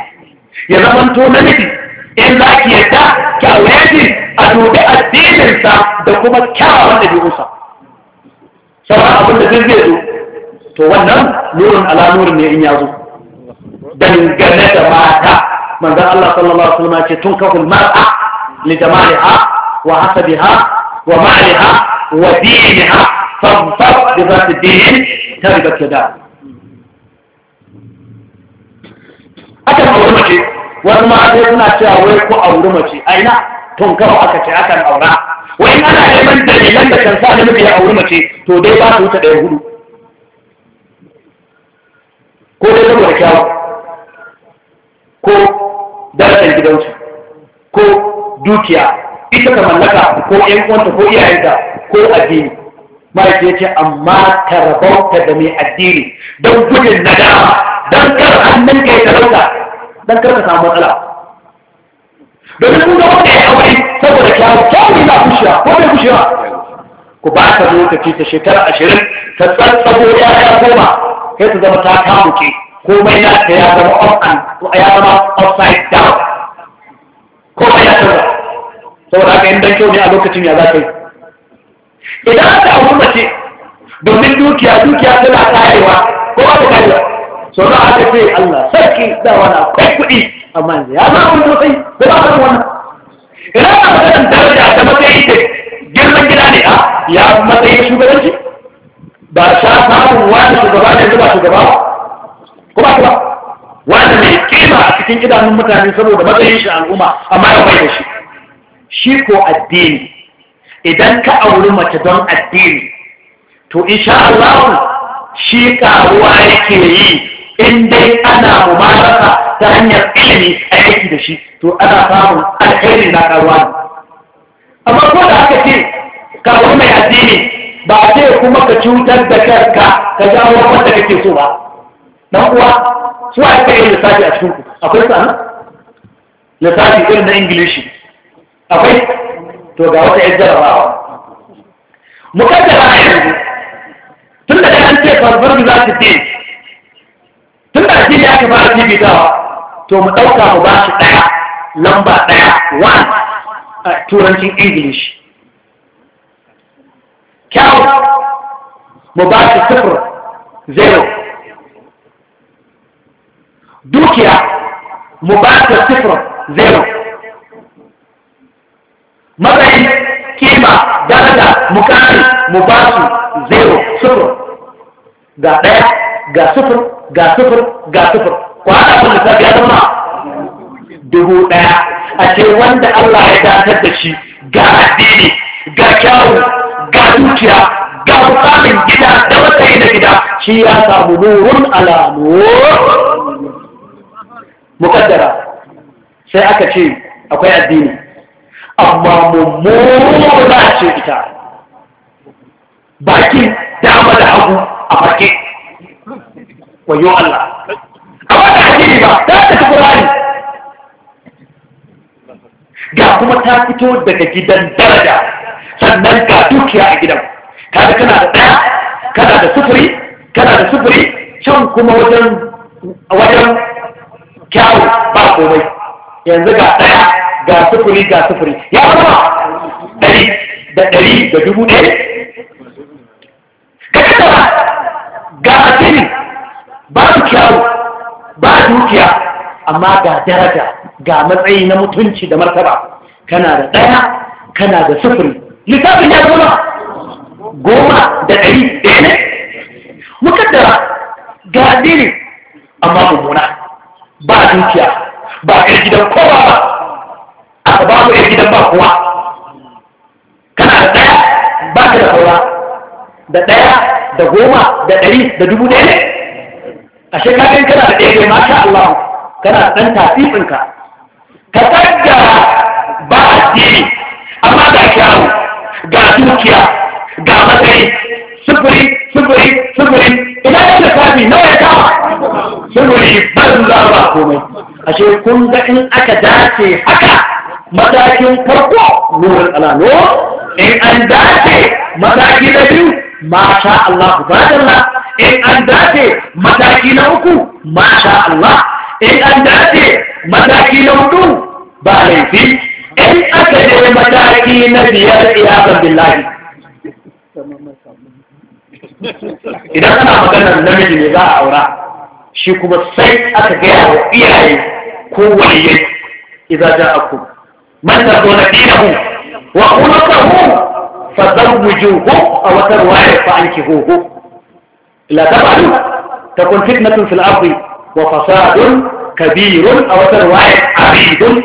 Speaker 1: ya zamanto namiji in za ki yadda ki aure shi a dubi addininsa da kuma kyawawan musa. sauran abin da zai zo to wannan nurin alamuri ne in ya zo dangane da mata manzan Allah sallallahu alaihi wasallam ce tun kahul mar'a li jama'a wa hasabiha wa maliha wa ha. فانطر بذات ta تربت يداه akan auri mace wani ma sai suna cewa wai ko auri mace aina ina aka ce akan aura wai ana neman dalilan da kan sa namiji ya auri mace to dai ba su wuce ɗaya hudu ko dai saboda kyawu ko darajar gidansu ko dukiya ita ka mallaka ko ƴan uwanta ko iyayenta ko addini ma'aiki ya ce amma ka rabauta da mai addini don gudun nadama don kar hannun ka ya talauta don kar ka samu matsala domin kun ga da ya aure saboda kyawu kyawu yana kushewa ko bai kushewa ku ba ka lokaci ta shekara ashirin ta tsantsabo ya ya koma kai ta zama ta kamuke komai na ta ya zama off and ya zama upside down komai ya canza saboda haka in dan kyau ne a lokacin ya za ka yi idan aka auri mace domin dukiya dukiya tana karewa ko aka karewa sau da aka ce Allah sarki da wani akwai kuɗi amma yanzu ya zama wani sosai ko ba san wannan idan aka magana daraja ta matsayi ce girman gida ne a ah, ya matsayin shugabanci ba sha samun wani shugaba ne ba shugaba ko ba ba wanda mai kima a cikin idanun mutane saboda matsayin shi al'umma amma ya bai da shi shi ko addini idan ka auri mace don addini to insha Allah shi karuwa yake yi in dai ana mumarasa ta hanyar ilimi a yake da shi to ana samun alkhairi na karuwa amma ko da haka ce karuwa mai addini ba a ce kuma ka cutar da karka ka jawo wanda kake so ba dan uwa su a kai lissafi a cikin ku akwai sa lissafi irin na ingilishi akwai to ga wata mu jarabawa mukaddara a yanzu tun da an ce farfar za su ce tun da shi ya aka fara jibitawa to mu ɗauka mu ba shi ɗaya lamba ɗaya one a turancin english kyau mu ba shi sifir
Speaker 2: zero dukiya mu ba shi sifir zero matsayi kima
Speaker 1: daraja ba su zero sufur ga ɗaya ga sufur ga sufur ga sufur kwana kuma ta biya zama dubu ɗaya a ce wanda Allah ya dantar da shi ga addini ga kyawu ga dukiya ga mukamin gida da matsayi na gida shi ya samu nurun alamu mukaddara sai aka ce akwai addini amma mummuna ce ita bakin dama da hagu a bakin wayo Allah a wata ajiyar ba ta tafi kurani ga kuma ta fito daga gidan daraja sannan ga dukiya a gidan kada kana da ɗaya kana da sufuri kana da sufuri can kuma wajen wajen kyawu ba komai yanzu ga ɗaya ga sufuri ga sufuri ya zama dari da dari da dubu ɗaya
Speaker 2: ka kada ga
Speaker 1: ba su kyawu ba dukiya amma ga daraja ga matsayi na mutunci da martaba kana da ɗaya kana da sufuri lissafin ya zama goma da ɗari ɗaya ne mukaddara ga addini amma mummuna ba dukiya ba ƙarfi gidan kowa ba ba babu ya gidan ba kuwa kana da ɗaya ba ka da kowa da ɗaya da goma da ɗari da dubu ɗaya ne a shekarun kana da ɗaya ma masha Allah kana da ɗan tafifinka ka kaddara ba amma ga kyawu ga dukiya ga matsayi sufuri sufuri sufuri ina da lissafi nawa ya kama sufuri ban za komai ashe kun ga in aka dace haka matakin farko nuwar alano in an dace mataki na biyu masha Allah tubadalla in an dace mataki na uku masha Allah in an dace mataki na hudu ba laifi in aka je mataki na biyar iyakan billahi
Speaker 2: idan ana maganar namiji ne za a aura
Speaker 1: shi kuma sai aka gaya wa iyaye ko waliyai idan kuma مدد نبيه وخلقه فزوجوه او ترواه فانكهوه لا تفعل تكون فتنة في الارض وفساد كبير او ترواه عبيد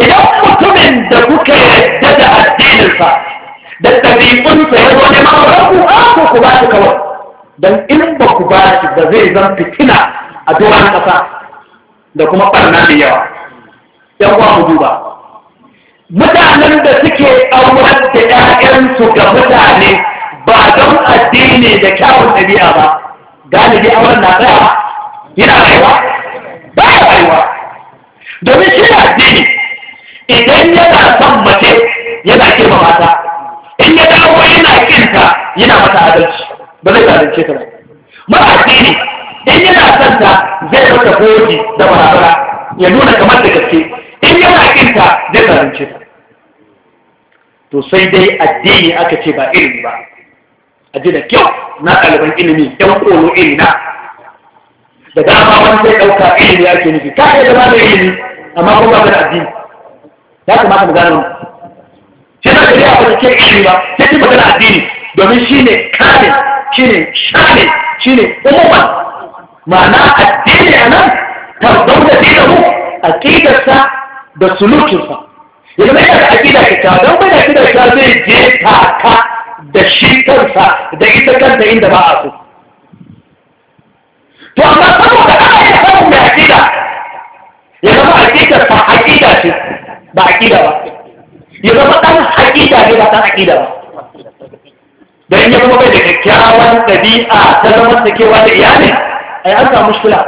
Speaker 1: اذا قلت من دبك
Speaker 2: يدد الدين
Speaker 1: الفا دبت في قلت يدوى لما ربه آه، اخو قباتك وقت دن ان بقباتك بزيزا فتنة ادوان قصا دكما قرنا ليوه yan uwa mu duba mutanen da suke aurar da 'ya'yansu ga mutane ba don addini da kyawun ɗabi'a ba galibi a na tsaya yana rayuwa ba ya rayuwa domin shi ne addini idan yana son mace yana kima mata in ya dawo yana kinta yana mata adalci ba zai zalunce ta ba mara addini in yana son ta zai rasa goji da barabara ya nuna kamar da gaske in yana kinta zai zarance ta to sai dai addini aka ce ba ilimi ba addini kyau na ɗaliban ilimi ɗan ƙolo ilina da dama wani zai ɗauka ilimi ake nufi ka iya zama da ilimi amma ko ba da addini ya kamata mu gano shi na ɗaya ba da ke ilimi ba sai dai magana addini domin shi ne kane shi ne shane shi ne umuman ma'ana addini a nan ta zaune da dinamu a ƙidarsa da sulukinsa ya zama da aƙida kyakkyawa don bai da aƙida kyakkyawa zai je taka da shi kansa da ita kanta inda ba a so to amma saboda ana iya samun mai aƙida ya zama aƙidar ta aƙida ce ba aƙida ba ya zama ɗan aƙida ne ba ta aƙida ba don ya zama bai da kyakkyawan ɗabi'a ta zama sakewa da iyali ai an samu mushkula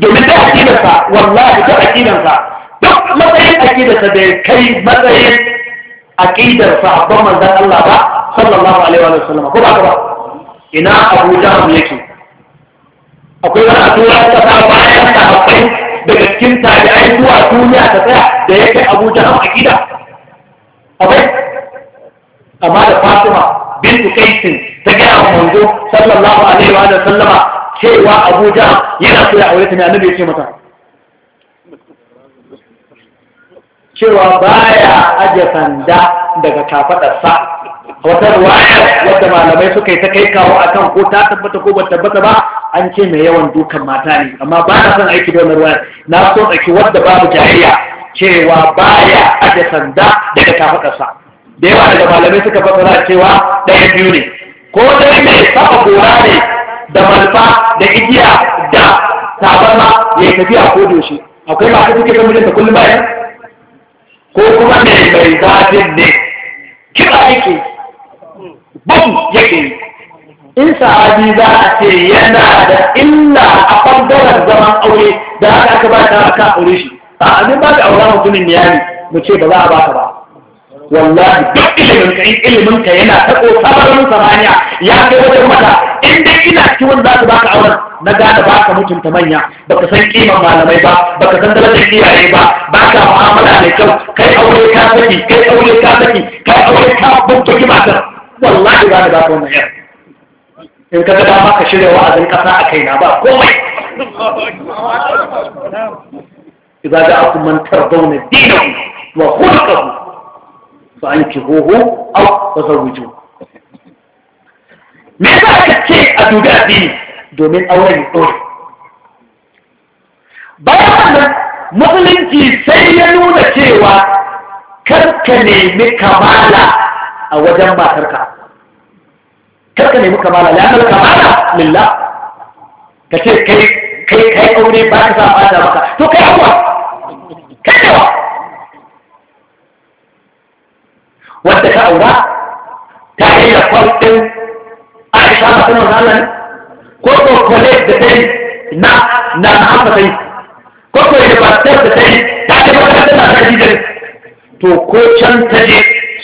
Speaker 1: domin da aƙidarsa wallahi ta aƙidarsa duk matsayin aƙidarsa da kai matsayin aƙidar sahabban manzan Allah ba sallallahu alaihi wa sallam ko ba ba ina Abu Jahl yake akwai wani a tura ta ta bayan sahabbai daga cikin tabi'ai zuwa duniya ta tsaya da ya kai Abu Jahl aƙida akwai amma da Fatima bin Kaisin ta gaya wa manzo sallallahu alaihi wa sallama cewa Abu Jahl yana so ya aure ta ne annabi ya mata cewa baya aje sanda daga kafadarsa wata ruwaya wadda malamai suka yi ta kai kawo akan ko ta tabbata ko bata tabbata ba an ce mai yawan dukan mata ne amma ba na son aiki da wannan ruwaya na so tsaki wadda babu jahiliya cewa baya aje sanda daga kafadarsa da yawa daga malamai suka fassara cewa ɗaya biyu ne ko dai mai saba gora ne da malfa da igiya da tabarma ya tafiya ko doshi akwai masu suke kan mutunta kullum bayan ko kuma mai mai zafin ne kiɗa yake bum yake in sa'adi za a ce yana da illa a ɓangaren zaman aure da haka aka ba ta aka aure shi a abin ba ka aura mutumin niyami mu ce ba za a ba ka ba wallahi duk ilimin ka in ilimin ka yana ta ƙoƙarin samaniya ya kai wajen mata in dai ina ciwon za ka ba ka auren na gane ba ka mutunta manya ba ka san kiman malamai ba ba ka san darajar iyaye ba ba ka mu'amala da kyau kai aure ka saki kai aure ka saki kai aure ka bunta kimatar wallahi ba da ba wannan yar in ka ga ba ka shirya azan kasa a kaina ba komai إذا جاءكم من ترضون دينه وخلقه فأنكحوه aw tazawwiju me yasa kace a dubi addini domin auren ɗore bayan nan musulunci sai ya nuna cewa karka nemi kamala a wajen matarka karka nemi kamala ya nemi kamala lillah ka
Speaker 2: ce kai kai kai aure ba ka saba da maka
Speaker 1: to kai abuwa kai yawa wadda ka aura ta yi da kwalɗin aisha masu nan ko ko college da tai na na na haka kai ko ko university da tai ta ce ta da ta gidan to ko can ta je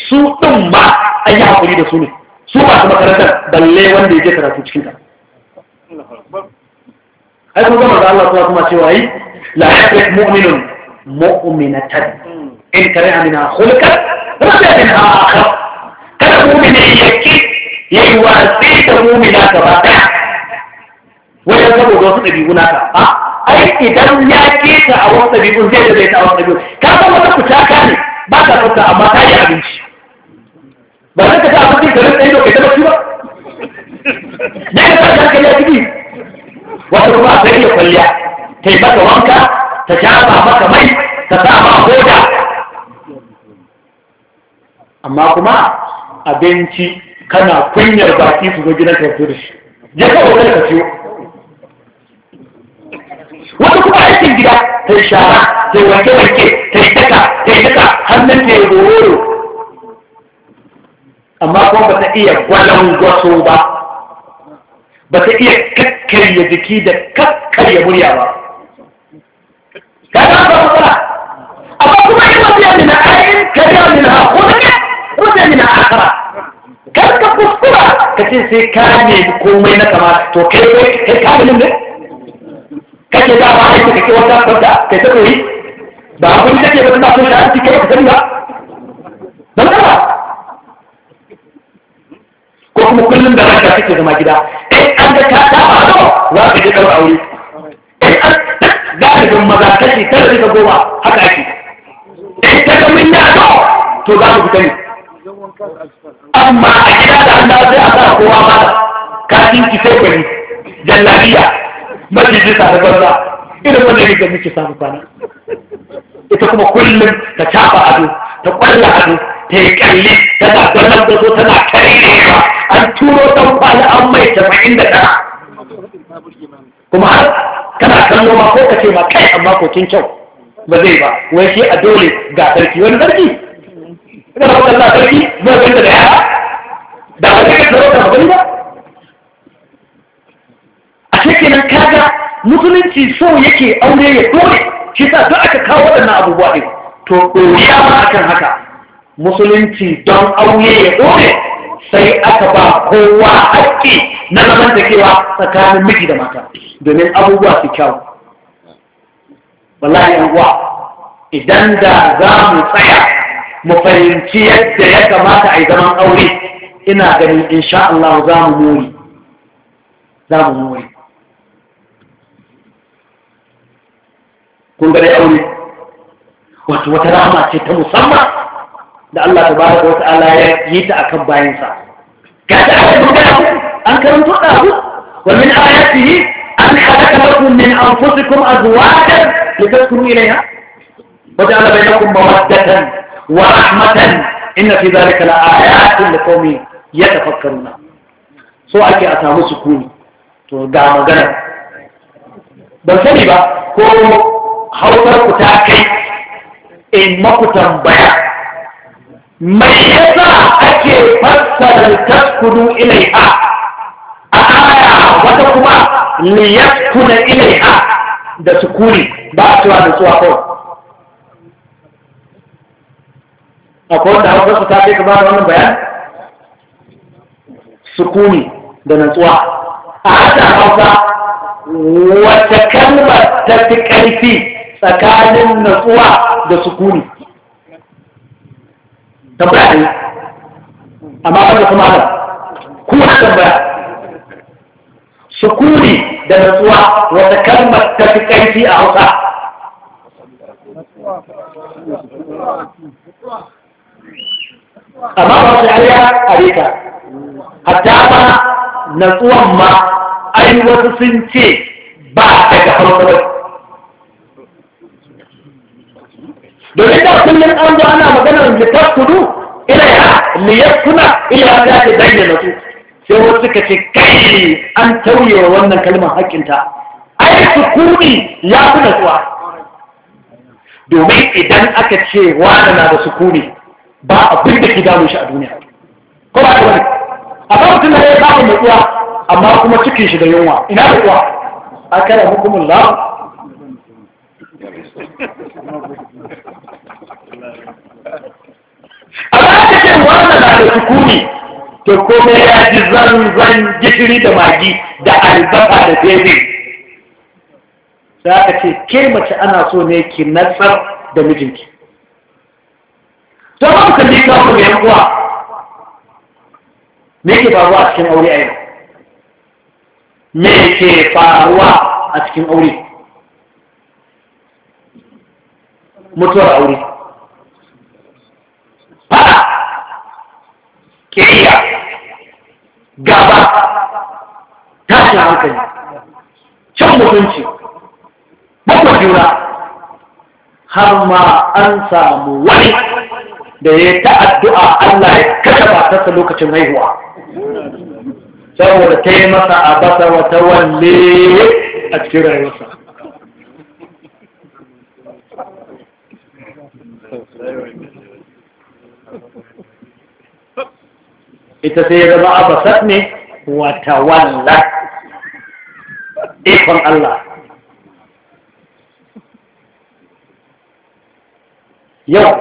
Speaker 1: su ɗin ma an yi hakuri da su ne su ba su makarantar balle wanda yake je karatu cikin ta ai ko ga Allah ta kuma cewa yi la yaqul mu'minun mu'minatan in kare amina khulqa rabbi min akhar kada mu'mini yake yayi wa sai da mu'mina gaba daya wajen saboda wasu ɗabi'u naka a ai idan ya keta a wasu ɗabi'u zai da zai ta wasu ɗabi'u ka san wata fitaka ne ba ka tsafta amma ta yi abinci ba zai ka ta abinci ka rinka ido
Speaker 2: kai ta bacci ba da ya sa ka ya ciki
Speaker 1: wata kuma a sai iya kwalliya ta yi maka wanka ta shafa maka mai ta sama goda hoda amma kuma abinci kana kunyar baki su zo gidan ka fito da shi ya kawo kai ka ciwo duk aikin gida ta yi shara ta yi wanke-wanke ta yi daka ta yi daga hannun ta yi goro amma ko ba ta iya gwalan gwaso ba ba ta iya kakkarya jiki da kakkarya murya ba kada ba ba amma kuma yi wasu yanzu na ayin kariya min ha ko da ke wasu yanzu na akara kar ka kuskura ka ce sai ka nemi komai na kamata to kai kai ka ne kada da ba aiki kake wata kwanta kai ta koyi ba abin da ke da na kuma da kai ka sani ba dan ba ko kuma kullum da ranka kake zama gida eh an ga ka ta ba za ka je daura aure eh an galibin maza kashi tara da goma haka ake eh ta ga min na to za ku fita ne amma a gida da Allah sai a sa kowa ba ka tinki sai gari jallabiya ba ji ji tare banza irin wanda rigar muke samu kwana ita kuma kullum ta cafa ado ta kwalla ado ta yi kalli tana ganin da so tana karirewa an turo ɗan kwana an mai saba'in da tara kuma har kana kallo ma ko ka ce ma kai amma ko kin kyau ba zai ba wai shi a dole ga sarki wani sarki ina ba wannan sarki zai da yara da ba zai ka tsaro ka ba kenan kaga musulunci so yake aure ya dole shi sa duk aka kawo waɗannan abubuwa ɗin to ɗoriya ma kan haka musulunci don aure ya dole sai aka ba kowa haƙƙi na zaman kewa tsakanin miki da mata domin abubuwa su kyau wallahi yan idan da za mu tsaya mu fahimci yadda ya kamata a yi zaman aure ina ganin insha Allah za mu mori za mu muri kun ga dai aure wato wata rahama ce ta musamman da Allah ta baraka wata ala ya yi ta akan bayansa ga ta aka magana an karanto da abu wa min ayatihi an khalaqa lakum min anfusikum azwajan litaskunu ilayha wa ja'ala bainakum mawaddatan wa rahmatan inna fi dhalika la ayatin liqaumin yatafakkaruna so ake a samu sukuni to ga magana ban sani ba ko hausar ku ta kai in maku tambaya mai yasa ake fassara taskudu ilaiha a aya wata kuma liyaskuna ilaiha da sukuri ba a cewa da tsuwa kawai akwai wanda hausar su ta kai ka ba wannan bayan sukuni da natsuwa a harshen hausa wata kalmar ta fi ƙarfi tsakanin natsuwa da sukuni tambaya ne amma wanda kuma ana
Speaker 2: kuma tambaya sukuni da natsuwa wata kalmar ta fi ƙarfi a hausa
Speaker 1: amma ba su ariya a rika hatta ma natsuwan ma ai wasu sun ce ba a kai daga farko domin da kullum an zo ana maganar litattudu ilaiha liyattuna ilaiha za ta bayyana su sai wasu suka ce kai an tauye wannan kalmar haƙƙinta ai sukuni ya fi natsuwa domin idan aka ce wani na da sukuni ba abin da ke shi a duniya ko ba ta wani a kan mutum ya ba mu natsuwa amma kuma cikin shi da yunwa ina natsuwa a kara hukumin lafi ce wannan na da hukumi to komai ya ji zanzan gishiri da magi da albasa da bebe za ka ce ke mace ana so ne ki nasar da mijinki don ka ji ka mai me ke faruwa a cikin aure a yau me ke faruwa a cikin aure mutuwar aure kiriya gaba tashin hankali can mutunci bakwai juna har ma an samu wani da ya ta addu'a Allah ya kashe matarsa lokacin haihuwa saboda ta yi masa a basa wata wanne a cikin rayuwarsa ita sai ya zama abasat ne wata wallat ikon Allah yau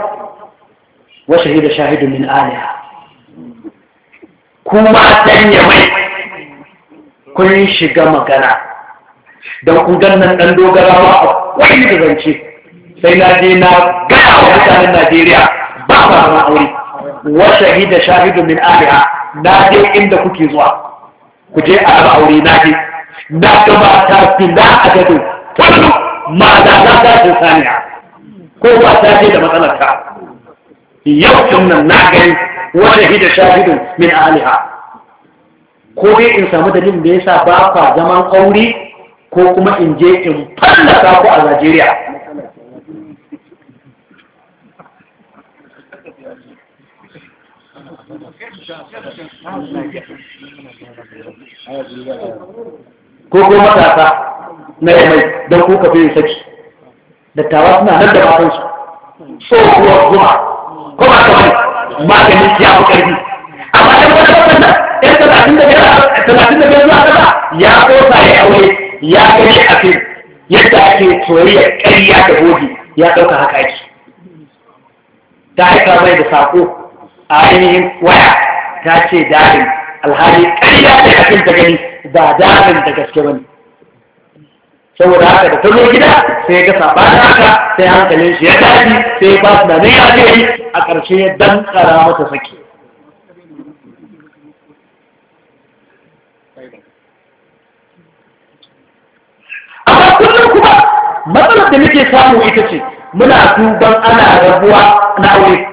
Speaker 1: wa shahida shahidu min aliha kuma sanya mai kun shiga magana don kun gannan ɗan dogarawa a kwai da zance sai na je na gaya wa mutanen Najeriya ba ba aure wa shahida shahidun min ahliha na je inda kuke zuwa ku je a raba aure na je na gaba ta fina a gado ma za ta ce saniya ko ba ta je da matsalar ka yau kun nan na gani wa shahida shahidun min ahliha ko dai in samu dalilin da yasa ba zaman aure ko kuma in je in fallasa ku a Najeriya ko ko matasa na yamai don kuka biyu saki dattawa suna nan da matansu so kuwa zuma ko ba ta mai maganin ya fi ƙarfi amma ɗan wani wanda ɗan talatin da biyar talatin da biyar zuwa ƙasa ya ƙosa ya aure ya gani a fim yadda ake soyayya ƙarya da gobe ya ɗauka haka ake ta aika mai da saƙo a ainihin waya ta ce darin alhali ƙarya ce a ta gani ba darin da gaske ba ne saboda haka da ta gida sai ya ga da haka sai hankalin shi ya tashi sai ba su da ya a ƙarshe ya danƙara mata sake amma kullum kuma matsalar da muke samu ita ce muna duban ana rabuwa na aure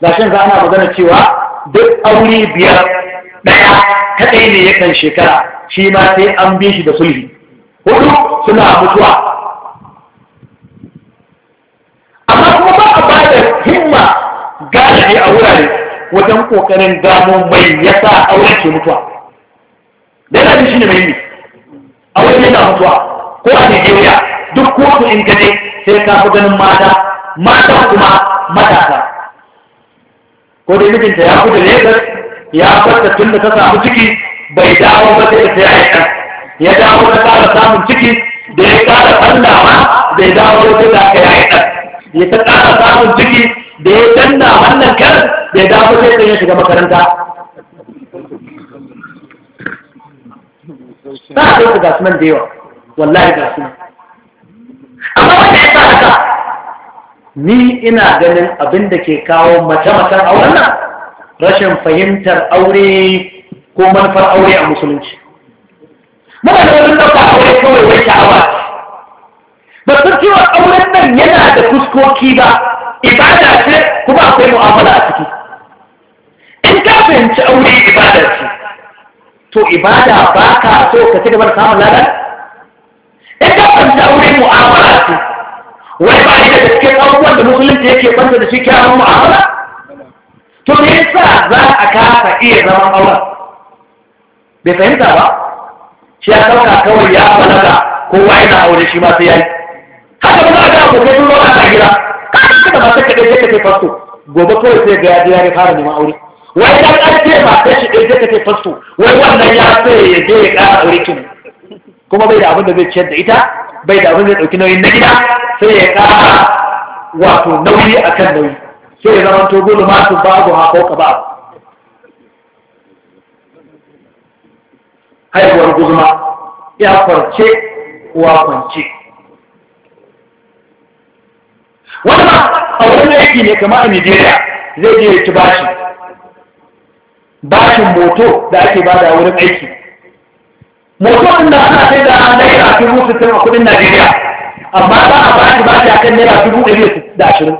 Speaker 1: gashin za ana magana cewa duk aure biyar ɗaya kaɗai ne yakan shekara shi ma sai an bi shi da sulhi hudu suna mutuwa amma kuma ba a ba da himma galibi a wurare wajen kokarin gano mai yasa aure ke mutuwa da yana shi ne mai aure yana mutuwa ko a Najeriya duk kotu in sai ka ganin mata mata kuma matasa ko dai mijinta ya gudu ne ya fata tun da ta samu ciki bai dawo ba sai ta yi ɗan ya dawo ta ƙara samun ciki da ya ƙara ma bai dawo sai da ka yi ɗan ya ta ƙara samun ciki da ya danna wannan kan bai dawo sai ta ya shiga makaranta ta ga su nan da yawa wallahi ga su nan amma wanda ya sa haka ni ina ganin abin da ke kawo mace-macen auren nan rashin fahimtar aure ko manufar aure a musulunci muna da wani ɗauka aure kawai wai sha'awa ba su cewa auren nan yana da fuskoki ba ibada ce kuma akwai mu'amala a ciki in ka fahimci aure ibada ce to ibada ba ka so ka ci gaba da samun lalata. in ka fahimci aure mu'amala ce wai ba shi da cikin abubuwan da musulunci yake banta da shi kyawun mu'amala to me yasa za a kasa iya zaman auren bai fahimta ba shi ya sauka kawai ya balaga kowa yana aure shi ma sai yayi haka kuma za a ga abokai sun zauna a gida kada kada ba sai kaɗai sai fasto gobe kawai sai ga ya je ya fara neman aure wai dan an ce ba sai shi ɗaya take fasto wai wannan ya ce ya je ya ƙara aure kin kuma bai da abin da zai ciyar da ita bai da abin zai ɗauki nauyin na gida sai ya ƙara wato nauyi akan nauyi sai ya zama to gudu masu babu ha ko ka ba haihuwar guzuma ya kwance wa kwance wani ma a wani aiki ne kama a nigeria zai je ya ci bashi bashin moto da ake bada wurin aiki mutum da ana sai da naira dubu sittin a kudin najeriya amma ba a ba shi ba shi akan naira dubu ɗari da ashirin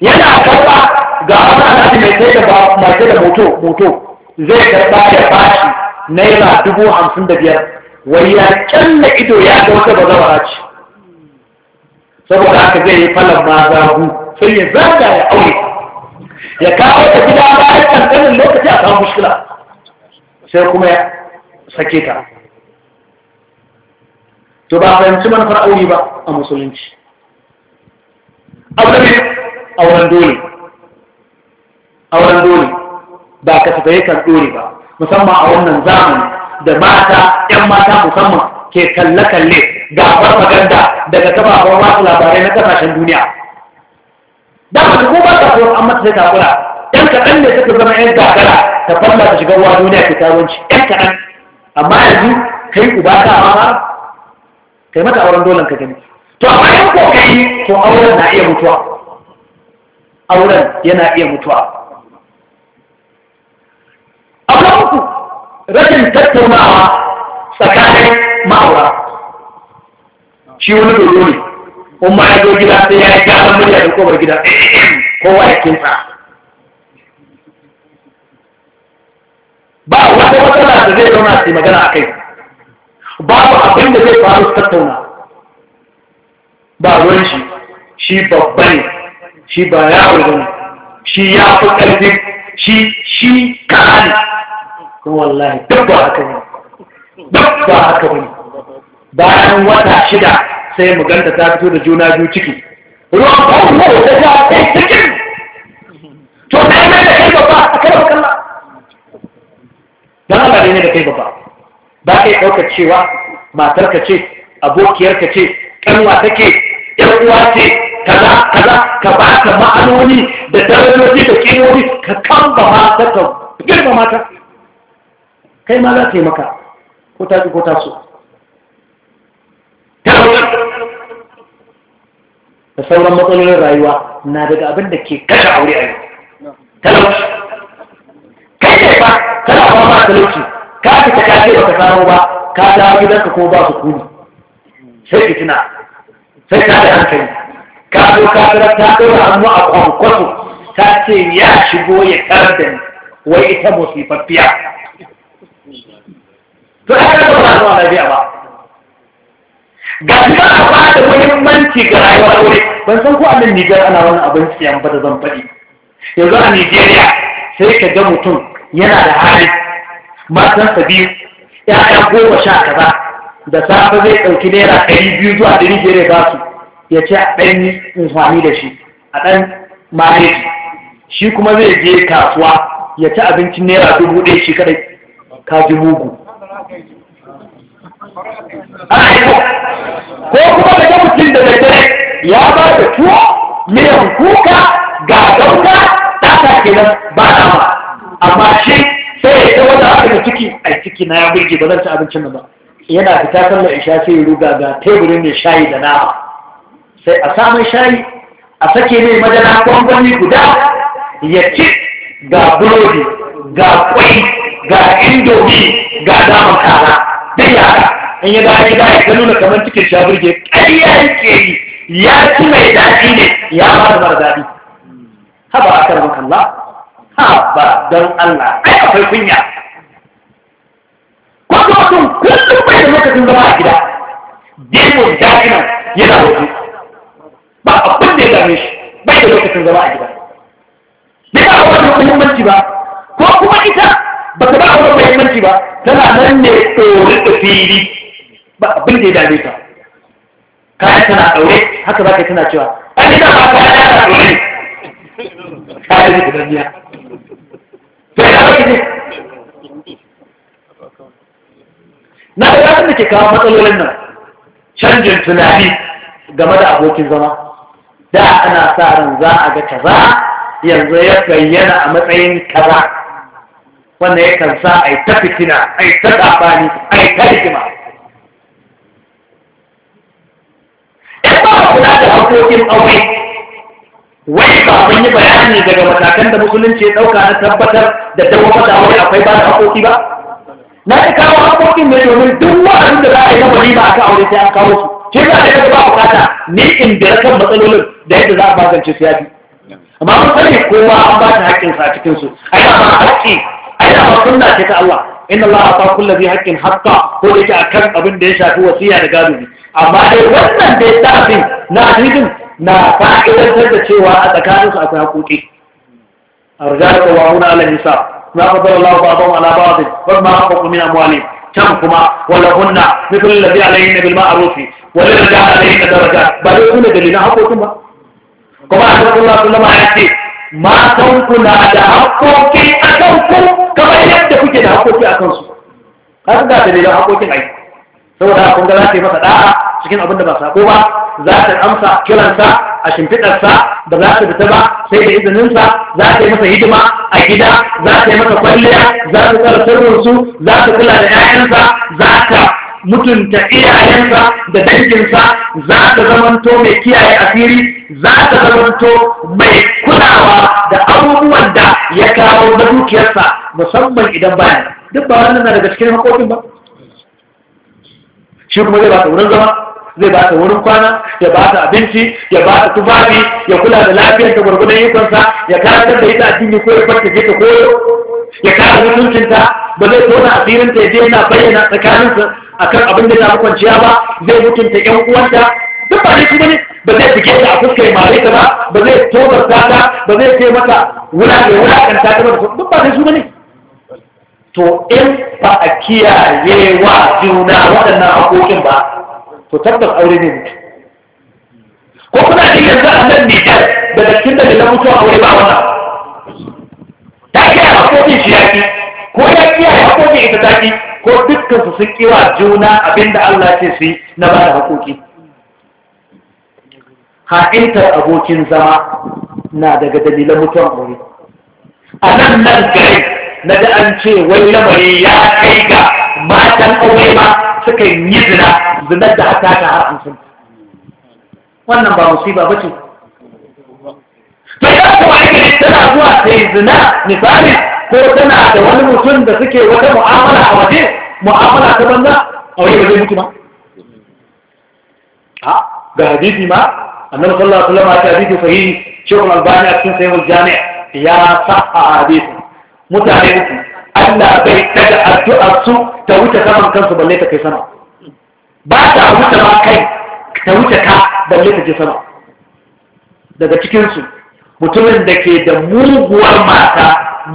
Speaker 1: yana karɓa ga wani alhaji mai sai da mai sai da moto moto zai karɓa ya ba shi naira dubu hamsin da biyar wai ya kyanna ido ya ga wata ba zama ce saboda haka zai yi falon ma zagu sai ya zaga ya aure ya kawo ta gida bayan kankanin lokaci a samu mushkila sai kuma ya sake ta to ba fahimci manufar aure ba a musulunci aure auren dole auren dole ba ka tafaye kan dole ba musamman a wannan zamani da mata yan mata musamman ke kalle-kalle ga farfaganda daga kafafen wasu labarai na kasashen duniya da ba ko ba ta an mata sai takura yan kaɗan ne suka zama yan takara ta falla ta shiga ruwa duniya ke kawanci yan kaɗan amma yanzu kai uba ta ma kai mata auren dolan ka gani to a bayan kai to auren na iya mutuwa auren yana iya mutuwa abu ku rashin tattaunawa tsakanin ma'aura shi wani dodo ne kuma ya zo gida sai ya yi gyaran murya da kobar gida kowa ya kinsa ba wata matsala da zai zauna su magana a kai babu abin da zai faru tattauna ba wani shi shi babba ne shi ba ya ba ne shi ya fi ƙarfi shi shi kare wallahi duk ba haka ne duk ba haka ne bayan wata shida sai mu ganta ta fito da juna biyu ciki ruwan kawai ta ja ta cikin to sai mai da kai babba a kai babba dan Allah ne da kai babba ba ka yi ɗaukar cewa matarka ce abokiyarka ce ƙanwa take ‘yan uwa ce kaza kaza ka ba ka ma'anoni da darajoji da kimomi ka kamba mata ka girma mata kai ma za ta yi maka ko ta ko ta so da sauran matsalolin rayuwa na daga abin da ke kashe aure a yau talauci samu ba ka dawo gidanka ko ba su kuni sai ki tuna sai ka da hankali ka zo ka ga ta ɗora hannu a kwankwaso ta ce ya shigo ya tarar da ni wai ita musifaffiya to ai ka zauna zuwa lafiya ba ga shi ba a ba da muhimmanci ga rayuwa aure ban san ko a nan Nijar ana wani abin siyan ba da zan faɗi yanzu a Nijeriya sai ka ga mutum yana da hali matansa biyu ya'ya goma sha kaza da safe zai ɗauki naira ɗari biyu zuwa ɗari biyar ya ba su ya ce a ɗan yi amfani da shi a ɗan mareji shi kuma zai je kasuwa ya ci abincin naira dubu ɗaya shi kadai ka ji mugu ko kuma da mutum da daddare ya ba da tuwo
Speaker 2: miyan kuka ga dauka ta kenan
Speaker 1: ba amma shi sai ya wata aka da ciki a ciki na ya burge ba zan ci abincin nan ba yana fita sallar isha sai ya ruga ga teburin mai shayi da nama sai a samun shayi a sake mai madara gwangwani guda ya ci ga burodi ga kwai ga indomi ga daman kara duk yara in ya gaya gaya ya nuna kamar cikin shaburge ƙarya yake yi ya ci mai daɗi ne ya ba da mara daɗi haba a karamar Allah haba ba don Allah ai akwai kunya ko to mutum kullum bai da lokacin zama a gida demon dakinan yana hutu ba abin da ya gane shi bai da lokacin zama a gida bai ba wani muhimmanci ba ko kuma ita ba ta ba wani muhimmanci ba tana nan ne tsori da fili ba abin da ya dame ta Kaya tana ɗaure haka ba ka tana cewa
Speaker 2: an yi da ba kayan tana ɗaure kayan ne
Speaker 1: na da da ke kawo matsalolin nan canjin tunani game da abokin zama da ana sa ran za a ga kaza yanzu ya bayyana a matsayin kaza wanda ya kan sa a yi ta fitina a yi ta tsabani a yi ta rigima Ya ba kula da abokin aure wai ba mun yi bayani daga matakan da musulunci ya dauka na tabbatar da dawo da aure akwai ba da hakoki ba na ta kawo hakokin ne domin duk wani da za a yi na ba a ka aure sai an kawo su ke za a yi ba bukata ni in da kan matsalolin da yadda za a magance su yafi amma mun sani kowa an ba ta haƙƙinsa a cikin su ai ba haƙƙi ai ba sunna ce ta Allah inna Allah ta kullu bi haqqin haƙƙa ko da yake akan abin da ya shafi wasiya da gado amma dai wannan ya tafi na hadidin na fa'idantar da cewa a su akwai haƙoƙi a rijar da wa'una ala nisa na fadar Allah ba don ala ba da ban ma haƙa kuma amwali can kuma wala hunna mutum lafi alayhi na bilma a rufi wani raja da alayhi na daraja ba dai kuna dalilin haƙoƙin ba kuma a cikin Allah sun lama ya ce matan kuna da haƙoƙi a ku kamar yadda kuke da haƙoƙi a kansu ka ga dalilin haƙoƙin aiki saboda kun ga za yi masa da'a cikin abin da ba sako ba za ta amsa kiransa a shimfiɗarsa da za ta fita ba sai da izininsa za ta yi masa hidima a gida za ta yi masa kwalliya za ta tsara sirrinsu za ta kula da 'ya'yansa za ta mutunta iyayensa da danginsa za ta zamanto mai kiyaye asiri za ta zamanto mai kulawa da abubuwan da ya kawo na dukiyarsa musamman idan bayan duk ba wannan na daga cikin haƙoƙin ba shi kuma zai bata wurin zama zai bata wurin kwana ya bata abinci ya bata tufafi ya kula da lafiyar ta gwargwadon ikonsa ya karantar da ita addini ko ya farka ta koyo ya da mutuncinta ba zai tona asirin ta je yana bayyana tsakaninsa akan abin da ta kwanciya ba zai mutunta yan uwanta duk ba shi bane ba zai fike ta a fuskar mare ta ba ba zai tobar ta ba zai ce mata wula da wula kan ta ba duk ba shi bane to in ba a kiyaye wa juna waɗannan haƙoƙin ba to tabbas aure ne mutu ko kuna ji yanzu a nan nijar da cikin da na mutuwa aure ba wa ta kiyaye haƙoƙin shi yaƙi ko ya kiyaye haƙoƙin ita taƙi ko dukkan su sun kiwa juna abinda Allah ce su yi na ba da haƙoƙi ha'intar abokin zama na daga dalilan mutuwan aure a nan nan gari na da an ce wai lamari ya kai ga matan aure ma suka yi zina zinar da aka ta har hamsin wannan ba musiba ba ce to ya kuma aiki tana zuwa ta yi zina misali ko tana da wani mutum da suke wata mu'amala a waje mu'amala ta banza aure ba zai mutu ba ga hadisi ma annabi sallallahu alaihi wasallam ta hadisi sahihi shekul albani a cikin sahihul jami' ya sa'a hadisi mutane ku Allah bai daga addu'ar su ta wuce saman kansu balle ta kai sama ba ta wuce ma kai ta wuce ka balle ta je sama daga cikin su mutumin da ke da muguwar mata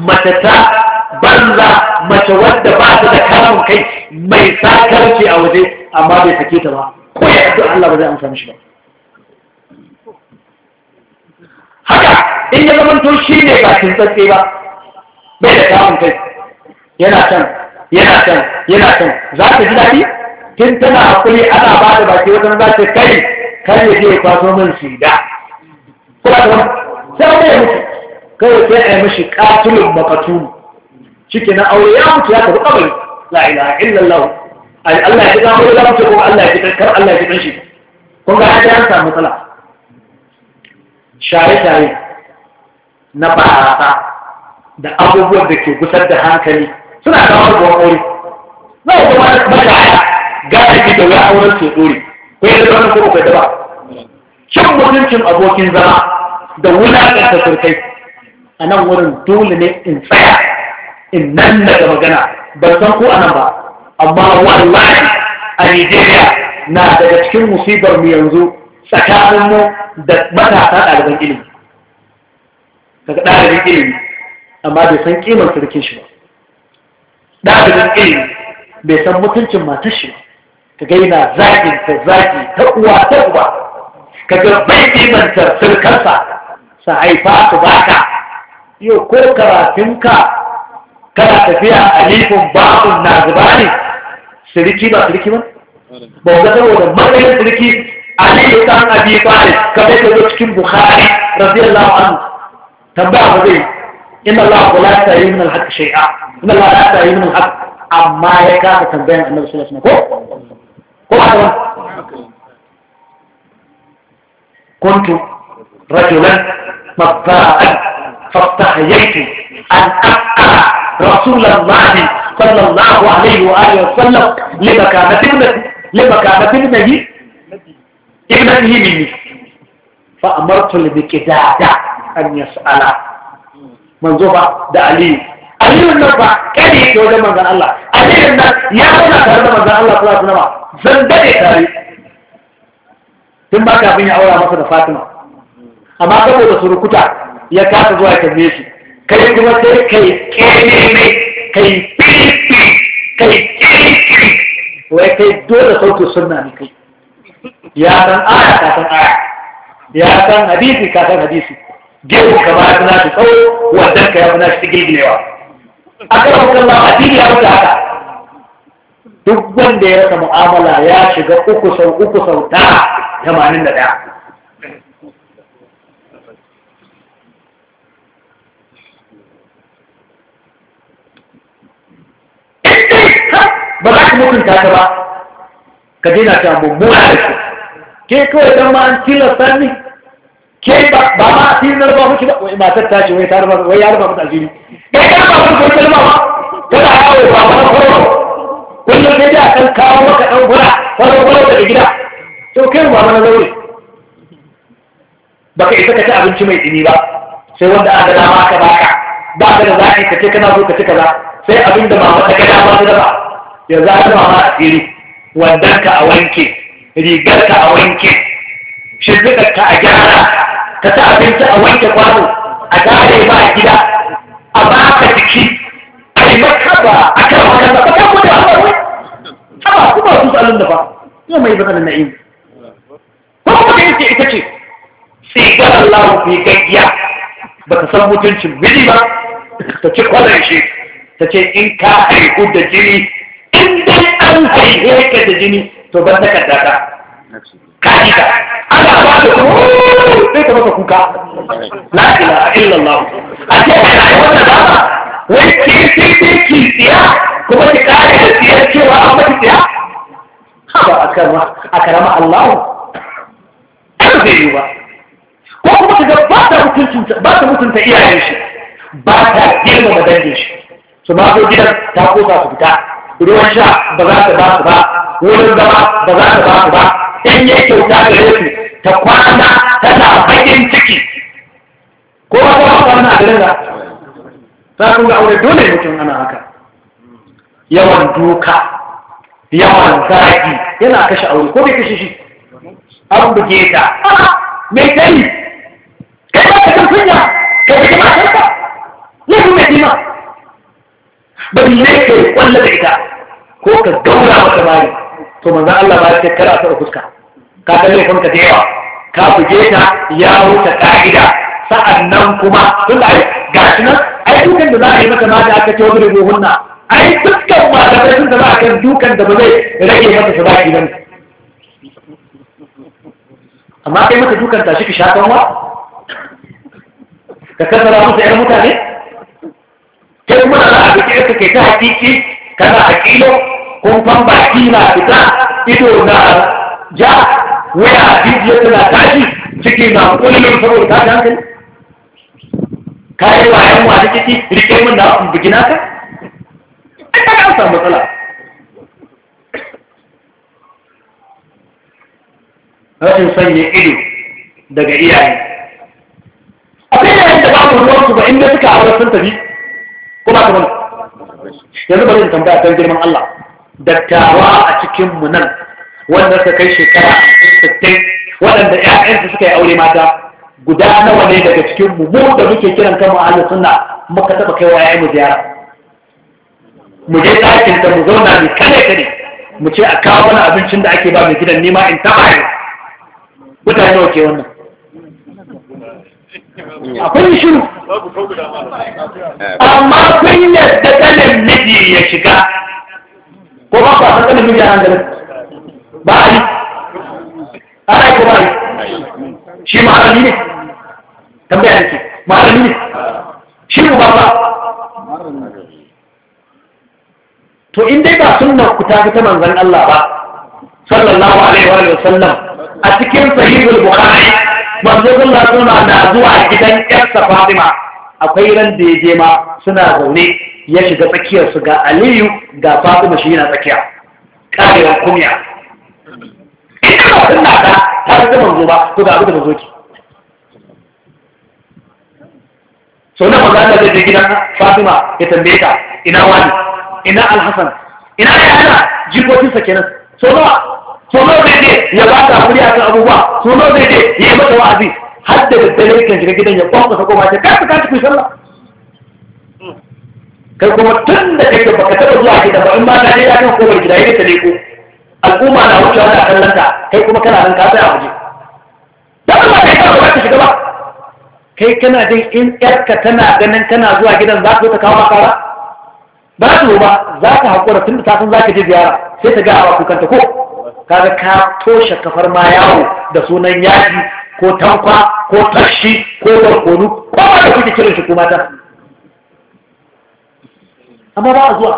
Speaker 1: mace ta banza mace wadda ba ta da karamin kai mai sakarci a waje amma bai sake ta ba ko ya addu'a Allah ba zai amsa mishi ba haka in ya zama to shi ne ba tsatse ba bai da samun kai yana can yana can yana can za ta ji daɗi tun tana hakuri ana ba da baki wata za ta kai kar ya je ya kwaso min sida kuma ta sai da mutu kawai sai a mishi mashi katulun makatulu shike na aure ya mutu ya tafi kabari la ilaha illallah Allah ya ji gamo da mutu kuma Allah ya ji kar Allah ya ji shi. kun ga haka an samu matsala shaye shaye na barasa da abubuwan da ke gusar da hankali suna da warbuwar aure za ku mata mataya ga ki da wani auren su dore ko yadda zama ko kai daba? cin mutuncin abokin zama da wulaƙanta surkai a nan wurin dole ne in tsaya in nan daga magana ban san ko anan ba amma wallahi a Nigeria na daga cikin musibar mu yanzu tsakaninmu da matasa ɗaliban ilimi daga ɗalibin ilimi amma bai san kimar sarkin shi ba da ɗalibin ilimi bai san mutuncin matar shi ka ga yana zaki ta zaki ta uwa ta uba ka ga bai kimantar sarkarsa sa haifa su baka yau ko karafinka. kana tafiya a nufin babun na zuba ne siriki ba siriki ba ba ga saboda matsayin siriki aliyu ɗan abi talib kamar da cikin bukhari radiyallahu anhu tambaya ba zai إن الله لا يستعين من الحق شيئا إن الله لا يستعين من الحق أما يكاد تنبيه النبي صلى الله عليه وسلم كو هذا كنت رجلا مطاعا فاستحييت أن أبقى رسول الله صلى الله عليه وآله وسلم لمكانة ابنتي لمكانة ابنتي ابنته مني فأمرت لبكدادة أن يسأل manzo ba da aliyu aliyun nan ba kare yake wajen manzan Allah aliyun nan ya zauna tare da manzan Allah su su nama, zan dade tare tun ba kafin ya aura masa da Fatima amma saboda surukuta ya kasa zuwa ya kalle shi kai kuma sai kai kene ne kai pipi kai kiki wai kai dole sautin sunna ne kai ya san aya ka aya ya san hadisi ka san hadisi gefen ka ba na shi tsawo wannan ka yafi na shi gilgilewa a kan hukun ba addini ya wuce haka duk wanda ya rasa mu'amala ya shiga uku sau uku sau ta tamanin da ɗaya ba za ka mutunta ta ba ka daina ta mummuna da shi ke kawai don ma an tilasta ne ke ba ma asirin na rufa miki ba wai matar ta ce wai ta wai ya rufa mata asiri kai ka ba mun kuma ba kana yawo ba ba ko kullum sai da kan kawo maka dan gura faro faro daga gida to kai ba mana zaure baka isa ka ci abinci mai tsini ba sai wanda aka dama ka baka ba ka da zaki ka ce kana so ka ci kaza sai abin da mama ta kada ma ta dafa Ya an da mama asiri Wanda ka a wanke rigar ka a wanke shirfiɗar ka a gyara ka ci abinci a wanke kwano a dare ba a gida a ba ka jiki a yi makaba a kan ba kan mutu a kawai ba kuma su da ba yau mai zama na na'im ko kuma da yake ita ce sai gara Allah mai gaggiya ba ka san mutuncin mili ba ta ci kwalar shi ta ce in ka haihu da jini in dai an haihe ka da jini to ban takarda ka ka'ida ana ba da sai ka maka kuka la ilaha illallah a ce ka yi wannan dama wai ki ke ke ki siya kuma ki kare da siya cewa an mata siya ha ba a karama a karama Allah an zai yi ba ko kuma ka ga ba ta mutunta ba ta mutunta iyayen shi ba ta girmama dangin shi su ma zo gidan ta kosa su fita ruwan sha ba za ta ba su ba wurin zama ba za ta ba su ba in ya kyauta gare su ta kwana tana bakin ciki ko ba ta ba wannan abin da za ku ga aure dole mutum ana haka yawan doka, yawan zagi yana kashe aure ko bai kashe shi an buge ta mai kai kai ba ka san kunya ka ji matarka lafi mai jima ba ne kai kwallo da ita ko ka gaura wata bayan to manzan Allah ba ce kada ta fuska ka ga laifin ka da yawa ka buge ta ya wuce ka'ida nan kuma tun da ga shi nan ai dukan da za a yi maka ma da aka ce wani rubuhunna ai dukkan ma da sun da za a kan dukan da ba zai rage maka shi ba idan amma kai maka dukan ta shi ki shafan wa ka kasara musu ƴan mutane kai kuma za a bi ka kai ta hakiki kana a kilo kumfan baki na fita ido na ja waya jijiya tana tashi ciki na kullum saboda ta hankali kayi wayan wani ciki rike mun na bugi naka ai ta ka samu matsala rashin sanya ido daga iyaye akwai yayin da babu su ba inda suka aure sun tafi kuma kamar yanzu bari in tambaya don girman Allah dattawa a cikinmu nan wanda suka kai shekara 60 waɗanda 'ya'yansu suka yi aure mata guda nawa ne daga cikinmu mu da muke kiran kanmu halin suna muka taɓa kaiwa waye mu ziyara mu je ɗakin ta mu zauna mu kare kare mu ce a kawo wani abincin da ake ba mai gidan nema in taɓa yi mutane nawa ke wannan akwai shiru amma kun yadda kanin miji ya shiga ko ba ku san ilimin yaran da ba a yi ana yi ko ba a yi shi malami ne tambaya ne malami ne shi mu ba ba to in dai ba sunnar ku ta ta manzan Allah ba sallallahu alaihi wa sallam a cikin sahihul bukhari manzo Allah suna na zuwa gidan yarsa Fatima akwai ran da ya je ma suna zaune ya shiga tsakiyarsu ga aliyu ga fatima shi yana tsakiya karewar kumiya ina ba sun nada ta zama manzo ba ko ga abu da manzo ki sau na maza da zai gidan fatima ya tambaye ta ina wani ina alhassan ina ya hana jikokinsa kenan sau nawa sau nawa zai je ya ba ta hakuri akan abubuwa sau nawa zai je ya yi mata wa'azi har da daddare kan shiga gidan ya kwankwasa ko ma ta kasa kasa kuyi sallah kai kuma tun da kai ba ka taba zuwa gida ba in ba ka je kan kofar gida yadda ta leko al'umma na wucewa da a kai kuma kana nan ka tsaya waje da ba kai ka ba ka shiga ba kai kana jin in yarka tana ganin kana zuwa gidan za ta kawo maka ba ba su ba za ka haƙura tun da safin za ka je ziyara sai ta ga a kanta ko kaga ka toshe kafar ma yawo da sunan yaji ko tankwa ko tashi ko barkonu ko ba da kuke kiran shi mata. amma ba a zuwa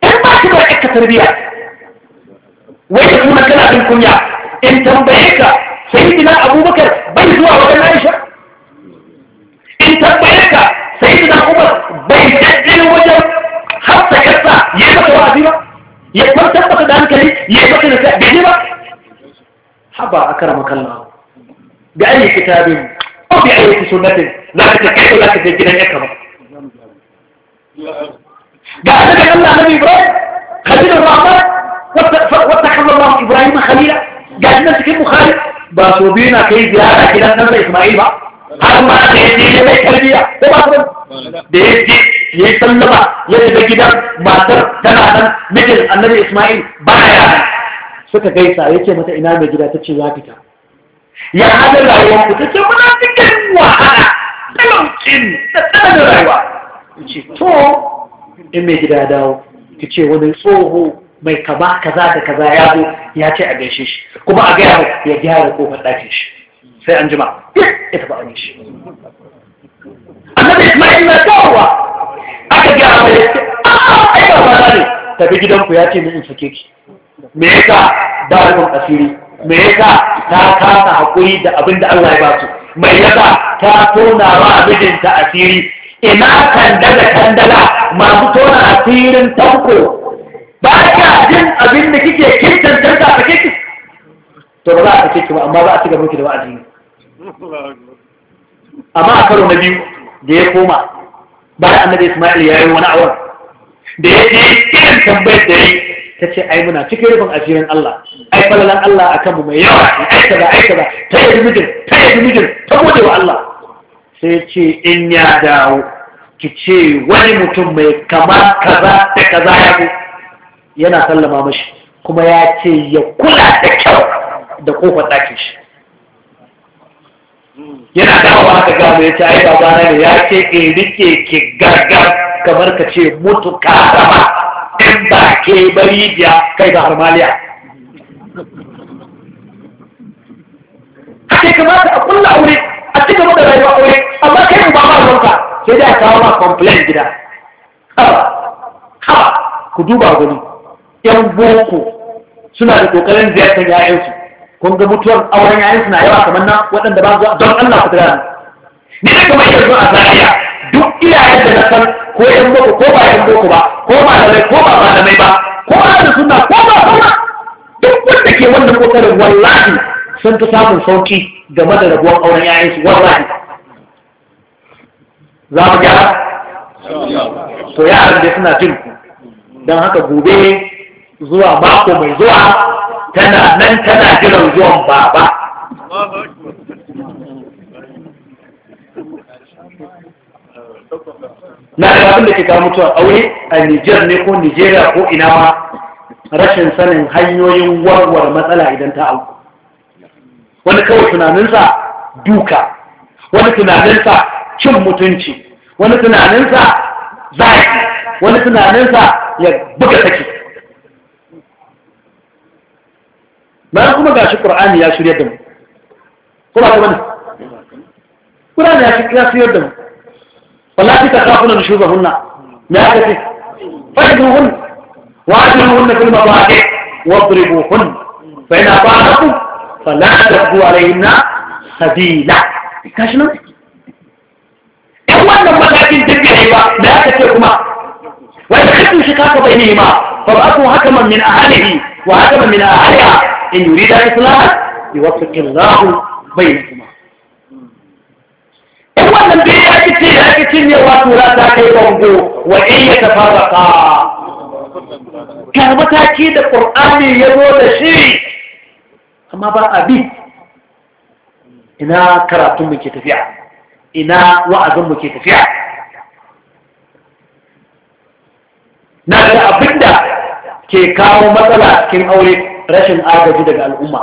Speaker 1: in ba ki bar ka tarbiya wai da kuma kana bin kunya in tambaye ka sayyidina abubakar bai zuwa wajen aisha in tambaye ka sayyidina umar bai daddin wajen hafsa yarsa ya mata wa'azi ba ya kwantar masa da hankali ya mata da bai ba haba akrama kallahu bi ayi kitabin ko bi ayi sunnatin za ka kai za ka je gidan yakka ba قاعد لك الله نبي إبراهيم خليل الرحمن واتخذ الله إبراهيم خليلا قال الناس كيف مخالف بس وبينا كيف زيارة إلى نبي إسماعيل هذا ما تهدي لبي تبعثم تهدي يسلم يسلم كده ما تر تنعنا مثل النبي إسماعيل بايا suka gaisa ya ce mata ina mai gida ta ce ya fita ya hada rayuwa ku ta ce to in mai gida dawo ki ce wani tsoho mai kama kaza da kaza ya zo ya ce a gaishe shi kuma a gaya ya gyara ka ɗakin shi sai an jima ya taɓa an shi annabi isma'il na dawowa aka gyara mai yake ba ba ne tafi ku ya ce min in sake ki me yasa ba ku asiri me yasa ta kasa hakuri da abinda Allah ya ba su mai yasa ta tona wa mijinta asiri ina kandala kandala masu tona asirin tanko ba ka jin abin da kike kintan tarka ka kike to ba za a kike ba amma za a cigaba da wa'azi amma a karo na biyu da ya koma bayan annabi Isma'il ya yi wani awar da ya je irin tambayar da yi ta ce ai muna cikin rufin asirin Allah ai falalan Allah a kanmu mai yawa ai kaza aika kaza ta yi mijin ta yi mijin ta gode wa Allah sai ce in ya dawo ki ce wani mutum mai kama kaza da kaza ya yana sallama mashi kuma ya ce ya kula da kyau da kofar ɗakin shi yana dawowa aka gama ya ce ai ba ne ya ce ke rike ki gargar kamar ka ce mutu ka zama in ba ke bari biya kai ba harmaliya
Speaker 2: a ce kamar ka kulla aure a cikin da rayuwa aure amma kai ba ma zonka
Speaker 1: sai a kawo ma complain gida ha ku duba gani yan boko suna da kokarin ziyartar yayansu kun ga mutuwar auren yayansu na yawa kamar na waɗanda ba zuwa don Allah ku tara ni ne kuma yanzu a Zariya duk iyayen da na san ko yan boko ko ba yan boko ba ko ba malamai ko ba da mai ba ko ba da suna ko ba ba duk wanda ke wannan kokarin wallahi sun fi samun sauki game da rabuwar auren yayansu wallahi za mu gyara to yaran suna jin ku don haka gobe zuwa mako mai zuwa tana nan tana jiran zuwan baba na da abin da ke kawo mutuwar aure a Nijar ne ko Nijeriya ko ina ma rashin sanin hanyoyin warware matsala idan ta auku wani kawai tunaninsa duka wani tunaninsa cin mutunci wani tunaninsa zai wani tunaninsa ya buga take bayan kuma ga shi ƙur'ani ya shirya da mu kuma ta wani ƙur'ani ya shirya da mu wallafi ta kafunan shugaba hunna ya kafi fa'idun hun wa'adun hun na filma ba ke wadribu hun bai na ba na ku fala da zuwa rayu na sabila kashi nan wannan matakin jirgin ba da aka ce kuma wani kafin shi kaka bai ne ma fara'atu hakaman min ahalihi wa hakaman min ahaliha in yuri da islam yuwaffiq Allah bainakuma in wannan bai ya kice ya kice ne wa tura ta kai bango wa in ya tafarraqa ka mataki da qur'ani ya zo da shi amma ba abi ina karatun muke tafiya ina wa'azin ke tafiya na ga abinda ke kawo matsala cikin aure rashin agaji daga al'umma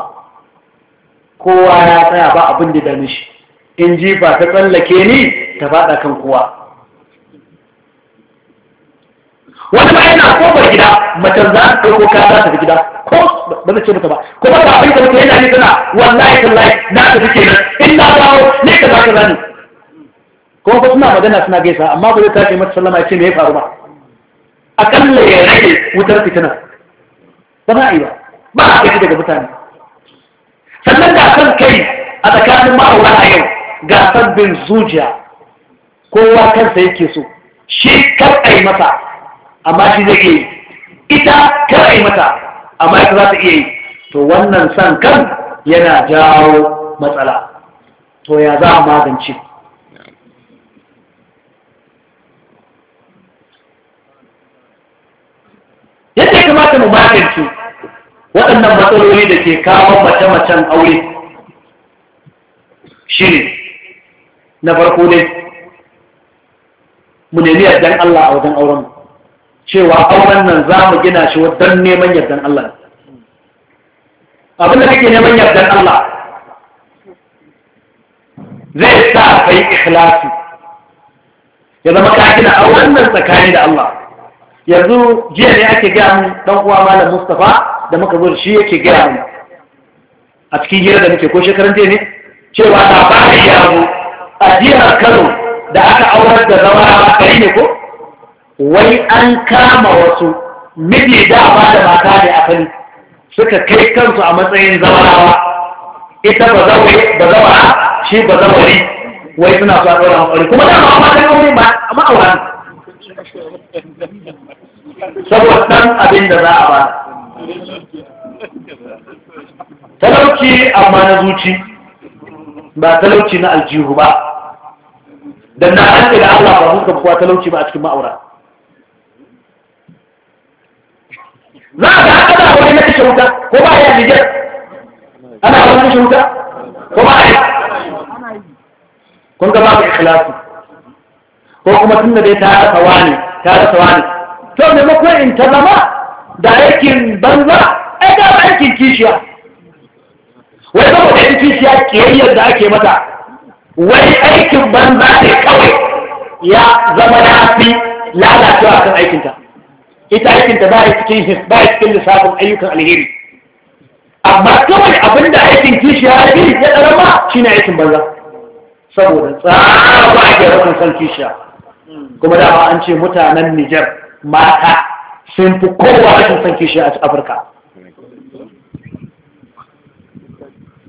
Speaker 1: kowa ya tsaya ba abin da da shi in ji ba ta tsallake ni ta faɗa kan kowa wani ba yana kofar gida macen za ta ɗauko kaya za ta fi gida ko ba zai ce mata ba ko ba ta abin da mutum yana ne tana wallahi tallahi na ta fi kenan in na dawo ne ka za ka zani ko ba suna magana suna gaisa amma ba zai tashi mata sallama ya ce me faru ba akalla ya rage wutar fitina ba za a yi ba ba a kai daga mutane sannan ga san kai a tsakanin ma'aura a yau ga sabbin zuciya kowa kansa yake so shi kar a yi mata amma shi zai iya yi ita kar a yi mata amma ita za ta iya yi to wannan san kan yana jawo matsala to ya za a magance kamata mu magance waɗannan matsaloli da ke kawo mace-macen aure shi ne na farko ne, mu nemi yardan Allah a wajen auren cewa auren nan za mu gina shi don neman yardan Allah abin da kake neman yardan Allah zai sa kai ikhlasi ya zama ka gina auren nan tsakani da Allah yanzu jiya ne ake gaya mun dan uwa malam Mustapha da muka zo shi yake gaya mun a cikin hira da muke ko shekaran jiya ne cewa labari ya zo a jihar Kano da aka aurar da a kai ne ko wai an kama wasu miji da ba da mata ne a kai suka kai kansu a matsayin zawarawa ita ba zaure ba shi ba zawari wai suna so a tsoron kuma da ma mata ne ba ma'aurata
Speaker 2: saboda ɗan abin da za a ba
Speaker 1: talauci amma na zuci ba talauci na aljihu ba da na an da Allah ba hukunta kuwa talauci ba a cikin ma'aura za a ga aka da wani na kashe wuta ko ba ya Niger ana wani kashe wuta ko ba ya kun ga babu ikhlasi ko kuma tun da dai ta rasa wani ta rasa wani to maimakon in ta zama da aikin banza ai ga aikin kishiya wai da yin kishiya kiyayyar da ake mata wai aikin banza ne kawai ya zama ya fi lalacewa kan aikinta ita aikinta ba ya cikin lissafin ayyukan alheri amma kawai abin da aikin kishiya ya fi ya shi shine aikin banza saboda tsara ba ake rakan san kishiya kuma dama an ce mutanen Nijar mata sun fi kowa da san kishi a afirka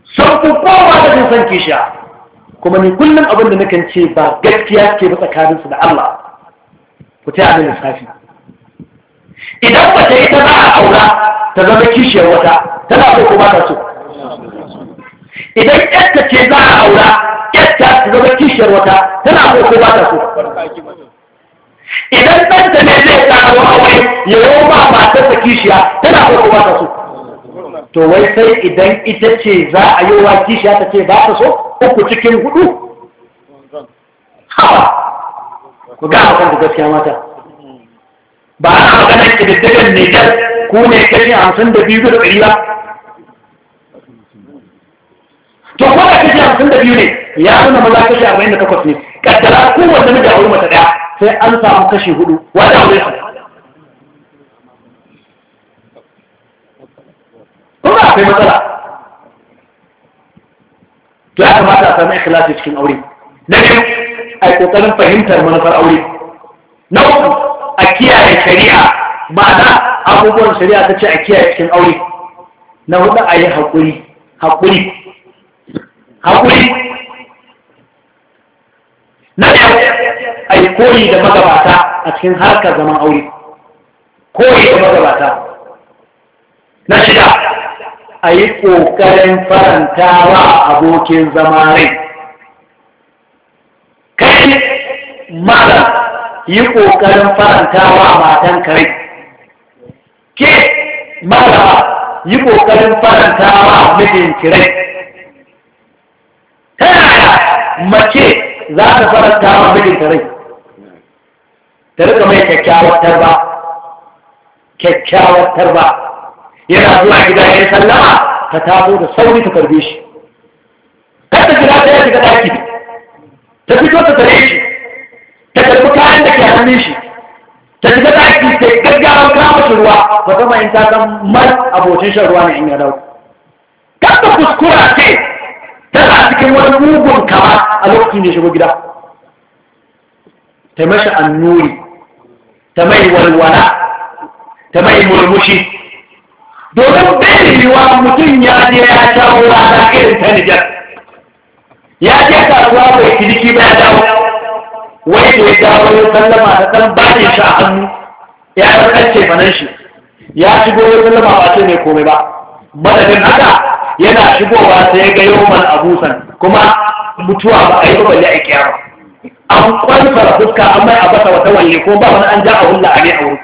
Speaker 1: sun fi kowa da san kishi kuma ni kullum abin da nakan ce ba gaskiya ke ba su da Allah ku ta abin lissafi idan ba ta yi ta za a aura ta zama kishiyar wata tana so ko ba ta so idan yadda ce za a aura yadda ta zama kishiyar wata
Speaker 2: tana so ko ba ta
Speaker 1: so idan ɗan da ne zai tsaro aure ya yi ba shi kishiya tana ko kuma ta so to wai sai idan ita ce za a yi wa kishiya ta ce ba ta so uku cikin hudu hawa ku ga a kanku gaskiya mata ba ana maganar ƙididdigar nijar ku ne kashi hamsin da biyu da ɗari ba to kuma da kashi hamsin da biyu ne ya nuna maza kashi arba'in da takwas ne kaddara kowanne na jawo mata ɗaya sai an samu kashi hudu wanda wuri kuma akwai matsala to ya kamata a sami ikhlasi cikin aure na biyu a yi kokarin fahimtar manufar aure na uku a kiyaye shari'a na abubuwan shari'a ta ce a kiyaye cikin aure na hudu a yi haƙuri haƙuri haƙuri
Speaker 2: na biyu
Speaker 1: yi koyi da magabata a cikin harkar zaman aure koyi da magabata na shida a yi ƙoƙarin faranta wa abokin zama rai kai mara yi ƙoƙarin faranta wa matan kare ke mara yi ƙoƙarin faranta wa mijin kire ta yaya mace za ta faranta wa mijin kare تركم أي كيكاوة تربا كيكاوة تربا يرادوا يعني عقدا يرسل لها فتابوا رسولي تقربيش قد تجلات يأتي قد أكيد تبقى تتريش تتبقى عندك يا هميش تتبقى أكيد تتبقى على الكامة شروع فتما إنتاكا مر أبو شنش أروان عين يدو قد تكسكورا تي تلعاتك مرموب كما ألوكي نشبه قدا تمشى النوري ta mai walwala ta mai murmushi domin
Speaker 2: bai mutum ya je ya dawo rana irin ta nijar
Speaker 1: ya je kasuwa bai ciniki ba ya
Speaker 2: dawo wai da ya dawo ya sallama
Speaker 1: da ɗan bani shi a hannu ya ɗan manan shi ya shigo ya sallama ba ce mai komai ba madadin haka yana shigowa sai ya ga yawan abusan kuma mutuwa ba a yi ba balle a kiyama an kwantar fuska an mai abata wata wanne ko ba wani an ja a hulla a ne a wurin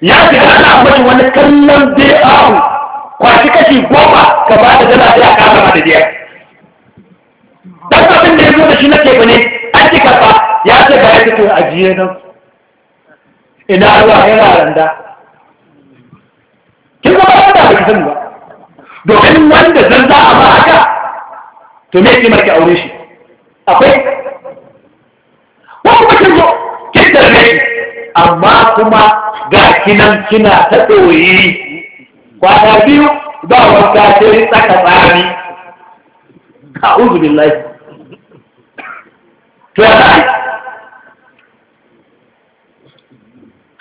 Speaker 1: ya ce ana ambaci wani kallon zai ahu kwashi kashi goma ka ba da dala ya kama da biyar dan abin da ya zo da shi na teku ne an ji karfa ya ce ba ya fito ajiye nan ina ruwa yana randa kin ga ba da kisan ba domin wanda zan za a ba haka to me ki marke aure shi akwai wani mutum zo kin ne amma kuma ga kinan kina ta ɗoyi Kwata biyu ba wanka ni tsaka tsari a'udhu lai to ya sai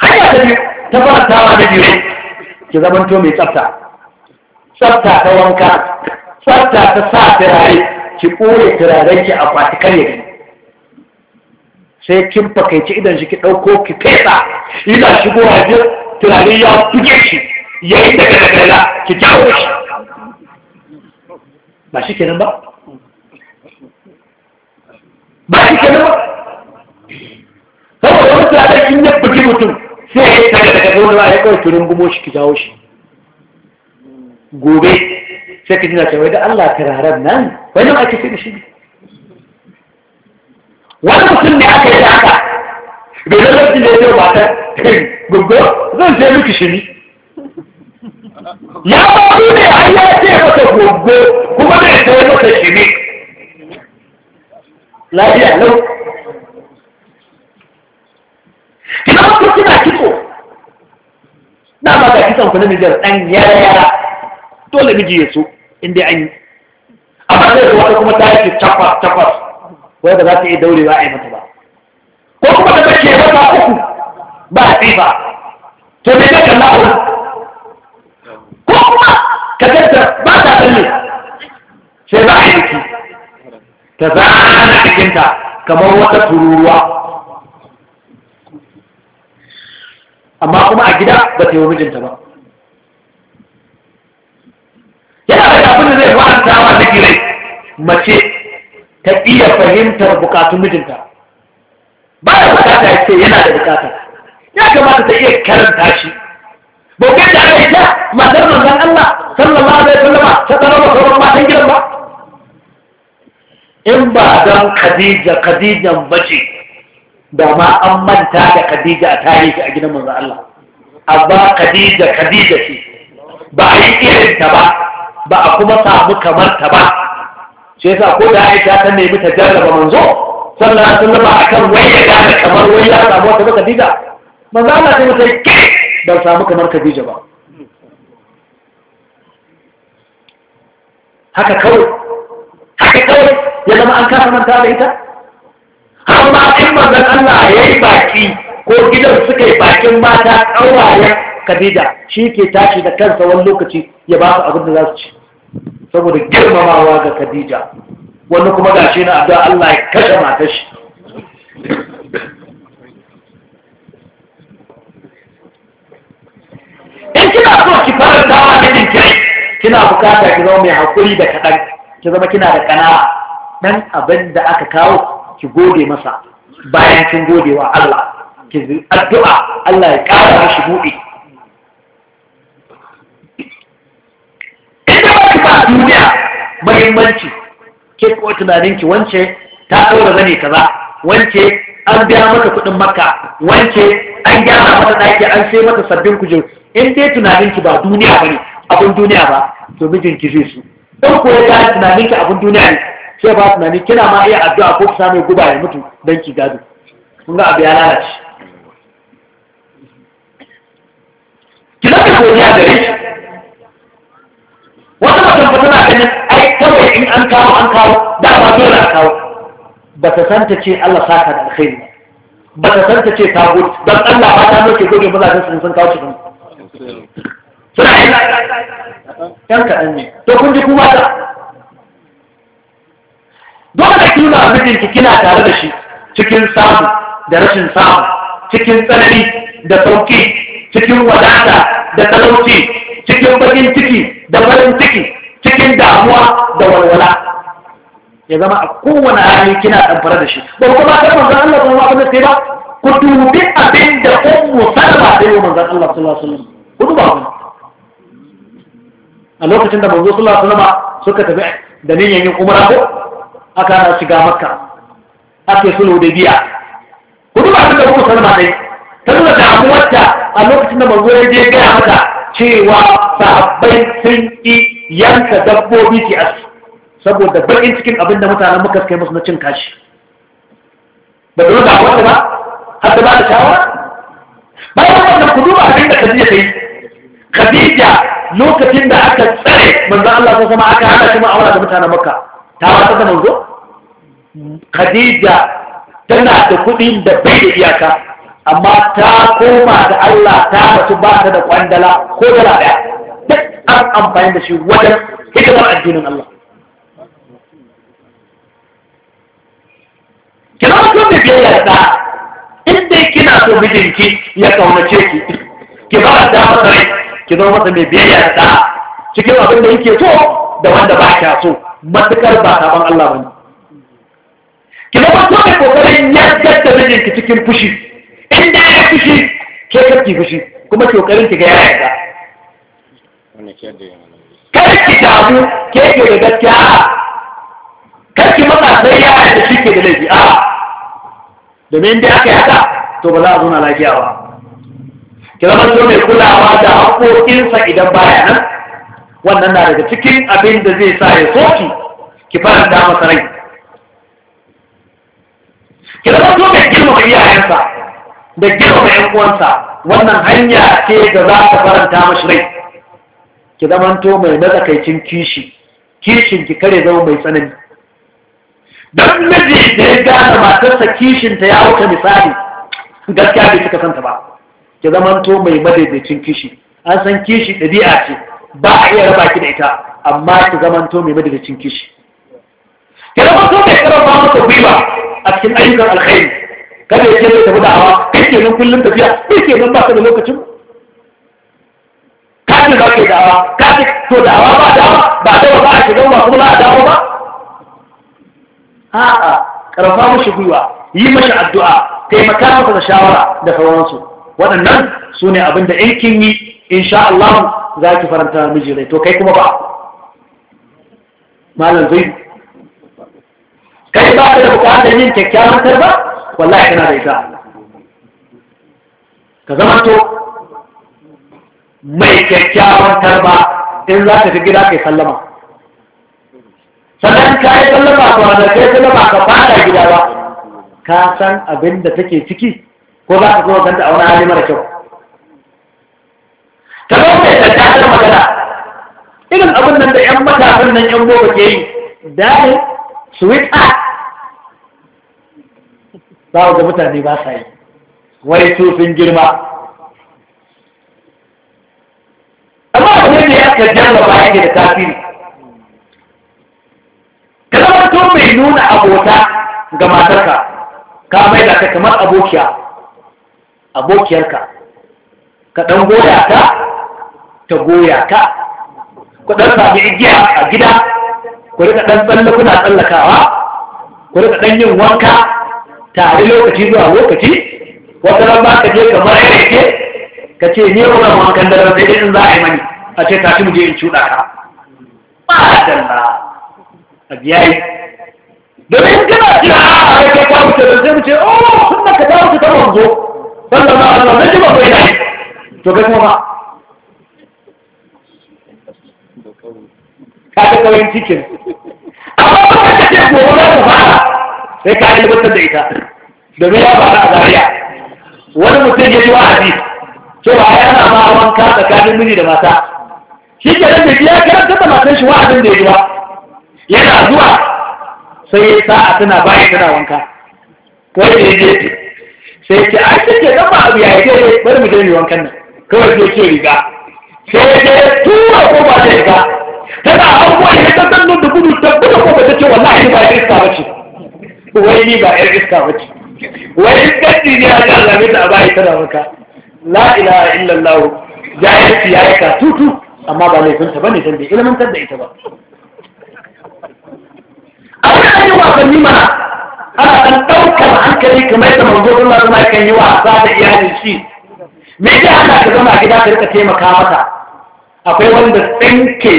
Speaker 1: hanya ta biyu ta farantawa da biyu ki zamanto mai tsafta tsafta ta wanka tsafta ta sa firaye ki ɓoye turarenki a fatikar ya gani sai kin fakaici idan shi ki ɗauko ki fesa ina shigowa ji turare ya buge shi
Speaker 2: ya yi daga daga ki jawo shi
Speaker 1: ba shi kenan ba ba shi kenan ba saboda wani turare in ya buge mutum sai ya yi daga daga wani ba ya kawai turin gumo shi ki jawo shi gobe sai ka jina cewa da Allah turaren nan wani ba ke sai da shi ne wannan mutum ne aka yi da haka da zai ne ya ce mata gugu zan je miki
Speaker 2: ne ya ba su ne ai yi ce mata
Speaker 1: gugu kuma
Speaker 2: zai sai
Speaker 1: shi ne lafiya lau kina ku kina kiko na ba ka kisan ku na Nijar dan yara yara dole miji ya so in dai an yi amma sai wata kuma ta yake tabbas tabbas wai ba za ta iya daurewa a yi mata ba ko kuma da kake wata uku ba a ba to me kake na uku ko kuma ka kanta ba ta kalle sai za a yi biki ta zana cikinta kamar wata tururuwa amma kuma a gida ba ta yi mijinta ba yana da abin faranta da gire mace ta iya fahimtar bukatun mijinta ba da bukata ya ce yana da bukata ya kamata ta iya karanta shi bauke da aka ta matar manzan Allah sallallahu alaihi sallama. ta tsara ba sauran matan gidan ba in ba don Khadija Khadijan bace da ma an manta da Khadija a tarihi a gidan manzan Allah amma Khadija Khadija ce ba a yi irin ta ba ba a kuma samu kamar ta ba shi yasa ko da Aisha ta nemi ta jarraba manzo sallallahu alaihi wasallam akan wai ya gane kamar wai ya samu wata Khadija manzo Allah sai mutai ba samu kamar Khadija ba haka kawai haka kawai ya zama an kasa manta da ita amma in manzon Allah ya yi baki ko gidan suka yi bakin mata ƙawayen Khadija shi ke tashi da kansa wani lokaci ya ba su abin da za su ci saboda girmamawa ga Khadija wani kuma gashi na addu'a Allah ya kashe mata shi in kina so ki fara dawa da jinkiri kina bukata ki zama mai hakuri da kadan ki zama kina da kana dan abin da aka kawo ki gode masa bayan kin gode wa Allah ki addu'a Allah ya kara shi buɗe ba a duniya mahimmanci ke kuwa tunaninki wance ta ɗora zane kaza wance an biya mata kuɗin maka wance an gyara mata ɗaki an sai mata sabbin kujeru in dai tunaninki ba duniya ba ne abin duniya ba to mijinki zai su in ko ya tunaninki abin duniya ne sai ba tunani kina ma iya addu'a ko ki samu guba ya mutu dan ki gado kun ga abu ya lalace ki zaka godiya gare shi wata mutum ba tana ganin ai kawai in an kawo an kawo da ba dole a kawo ba ta san ta ce Allah saka da alkhairi ba ta san ta ce ta gode don Allah ba ta nake gode mazajen sun sun kawo
Speaker 2: cikin
Speaker 1: suna yi yan kaɗan ne to kun ji kuma da dole da kima mijinki kina tare da shi cikin samu da rashin samu cikin tsanani da sauki cikin wadata da talauci cikin bakin ciki da farin ciki cikin damuwa da walwala ya zama a kowane hali kina fara da shi ba kuma ta manzo Allah kuma abin da sai ba ku dubi abin da ummu salma da yau manzo Allah sallallahu alaihi wasallam ku duba ku a lokacin da manzo sallallahu alaihi wasallam suka tafi da niyyar yin umra ko aka shiga makka ake sulhu da biya ku duba abin da ummu salma dai tana da damuwarta a lokacin da manzo ya je ga mata cewa sahabbai sun ki yanka dabbobi ke asu saboda bakin cikin abin da mutanen muka kai musu na cin kashi ba da ruga wanda ba har da ba da shawara bayan wannan ku duba abin da Khadija ta yi Khadija lokacin da aka tsare manzo Allah ta sama aka hada shi ma'aura da mutanen Makka ta wata da manzo Khadija tana da kuɗin da bai da iyaka amma ta koma da Allah ta batu ba ta da kwandala ko dala daya duk an amfani da shi wajen hidimar addinin Allah kina so da biyayya da in dai kina so mijinki ya kaunace ki ki ba da masa rai ki zama masa mai biyayya da cikin abin da yake so da wanda ba kya so matukar ba ban Allah bane kina zama so mai kokarin yadda da mijinki cikin fushi in da ya fushi ke kafki fushi kuma kokarin ki ga ya yarda kar ki damu ke ke da gaskiya kar ki maka sai ya yarda shi ke da laifi a domin da aka yi haka to ba za a zauna lafiya ba ki zama so mai kulawa da haƙoƙinsa idan baya nan wannan na daga cikin abin da zai sa ya soki ki faranta masa rai ki zama so mai girmama iyayensa da girma yan uwansa wannan hanya ce da za ta faranta mashi rai ki zamanto mai matsakaicin kishi kishin ki kare zama mai tsanani don miji da ya gane matarsa kishinta ya wuce misali gaskiya bai cika santa ba ki zamanto mai madaidaicin kishi an san kishi ɗabi'a ce ba a iya raba ki da ita amma ki zamanto mai madaidaicin kishi ki zamanto mai karfa masa gwiwa a cikin ayyukan alkhairi kada ya kira tafi da'awa kai nan kullum tafiya kai nan ba ka da lokacin ka ji za ka yi da'awa ka ji to da'awa ba da'awa ba dawa ba a shiga ba kuma ba a dawo ba a'a karfa mashi gwiwa yi mashi addu'a taimaka masa da shawara da sauransu waɗannan su ne abin da in kin yi insha Allah za ki faranta miji rai to kai kuma ba malam zai kai ba ka da bukatar yin kyakkyawar karba wallahi ina da ita ka zama to mai kyakkyawan tarba in za ka fi gida kai sallama sannan ka yi sallama ka wanda ka sallama ka fada gida ba ka san abin da take ciki ko za ka zo ganta a wani hali mara kyau ka zo mai kyakkyawan magana irin abin nan da 'yan matasan nan 'yan goma ke yi dare sweet art za ga mutane ba sa yi wai su sun girma
Speaker 2: amma ku ne ya ka ba yake da tasiri
Speaker 1: ka to mai nuna abota ga matarka ka mai da kamar abokiya abokiyarka ka ɗan goya ta ta goya ta. ku ɗan sami igiya a gida ku rika ɗan tsallakuna tsallakawa ku rika ɗan yin wanka tare lokaci zuwa lokaci wata ran ba ka je ka ya yake ka ce ne wannan wankan daren sai in za a yi mani a ce ci mu je in cuɗa ka ba dalla a biya yi domin kana ce a rake ta wuce da zai mu ce oh, sun da ka ta wuce ta manzo
Speaker 2: sallan ma Allah na ji ba
Speaker 1: bai yi to kai kuma ba ka ta kawai cikin amma ba ka ce gobe za ka fara sai ka yi mutar da ita domin ya faru a zariya wani mutum ya yi wa'azi cewa yana ma wanka tsakanin miji da mata shi ke nan da biya karanta da matan shi wa'azin da ya yi ba yana zuwa sai ya sa'a tana bayan tana wanka kawai da ya je sai ce a ce ke zama abu ya ke bari mu je mu wankan nan kawai sai ke riga sai ya tura ko ba ta riga tana hau ya ta zanno da gudu ta gudu ko ba ta ce wallahi ba ya iska ba ce wai ni ba yar iska ba ce wai iskanci ne a kan zame ta a bayi tana maka la ilaha illallah ya yi ka tutu amma ba laifinta ba ne dan ilmantar da ita ba a wani an yi wasanni mana ana ɗan ɗaukar hankali kamar da
Speaker 2: manzo Allah zama
Speaker 1: kan yi wasa da iyalin shi me ya hana ka zama gida ka rika taimaka mata akwai wanda tsinke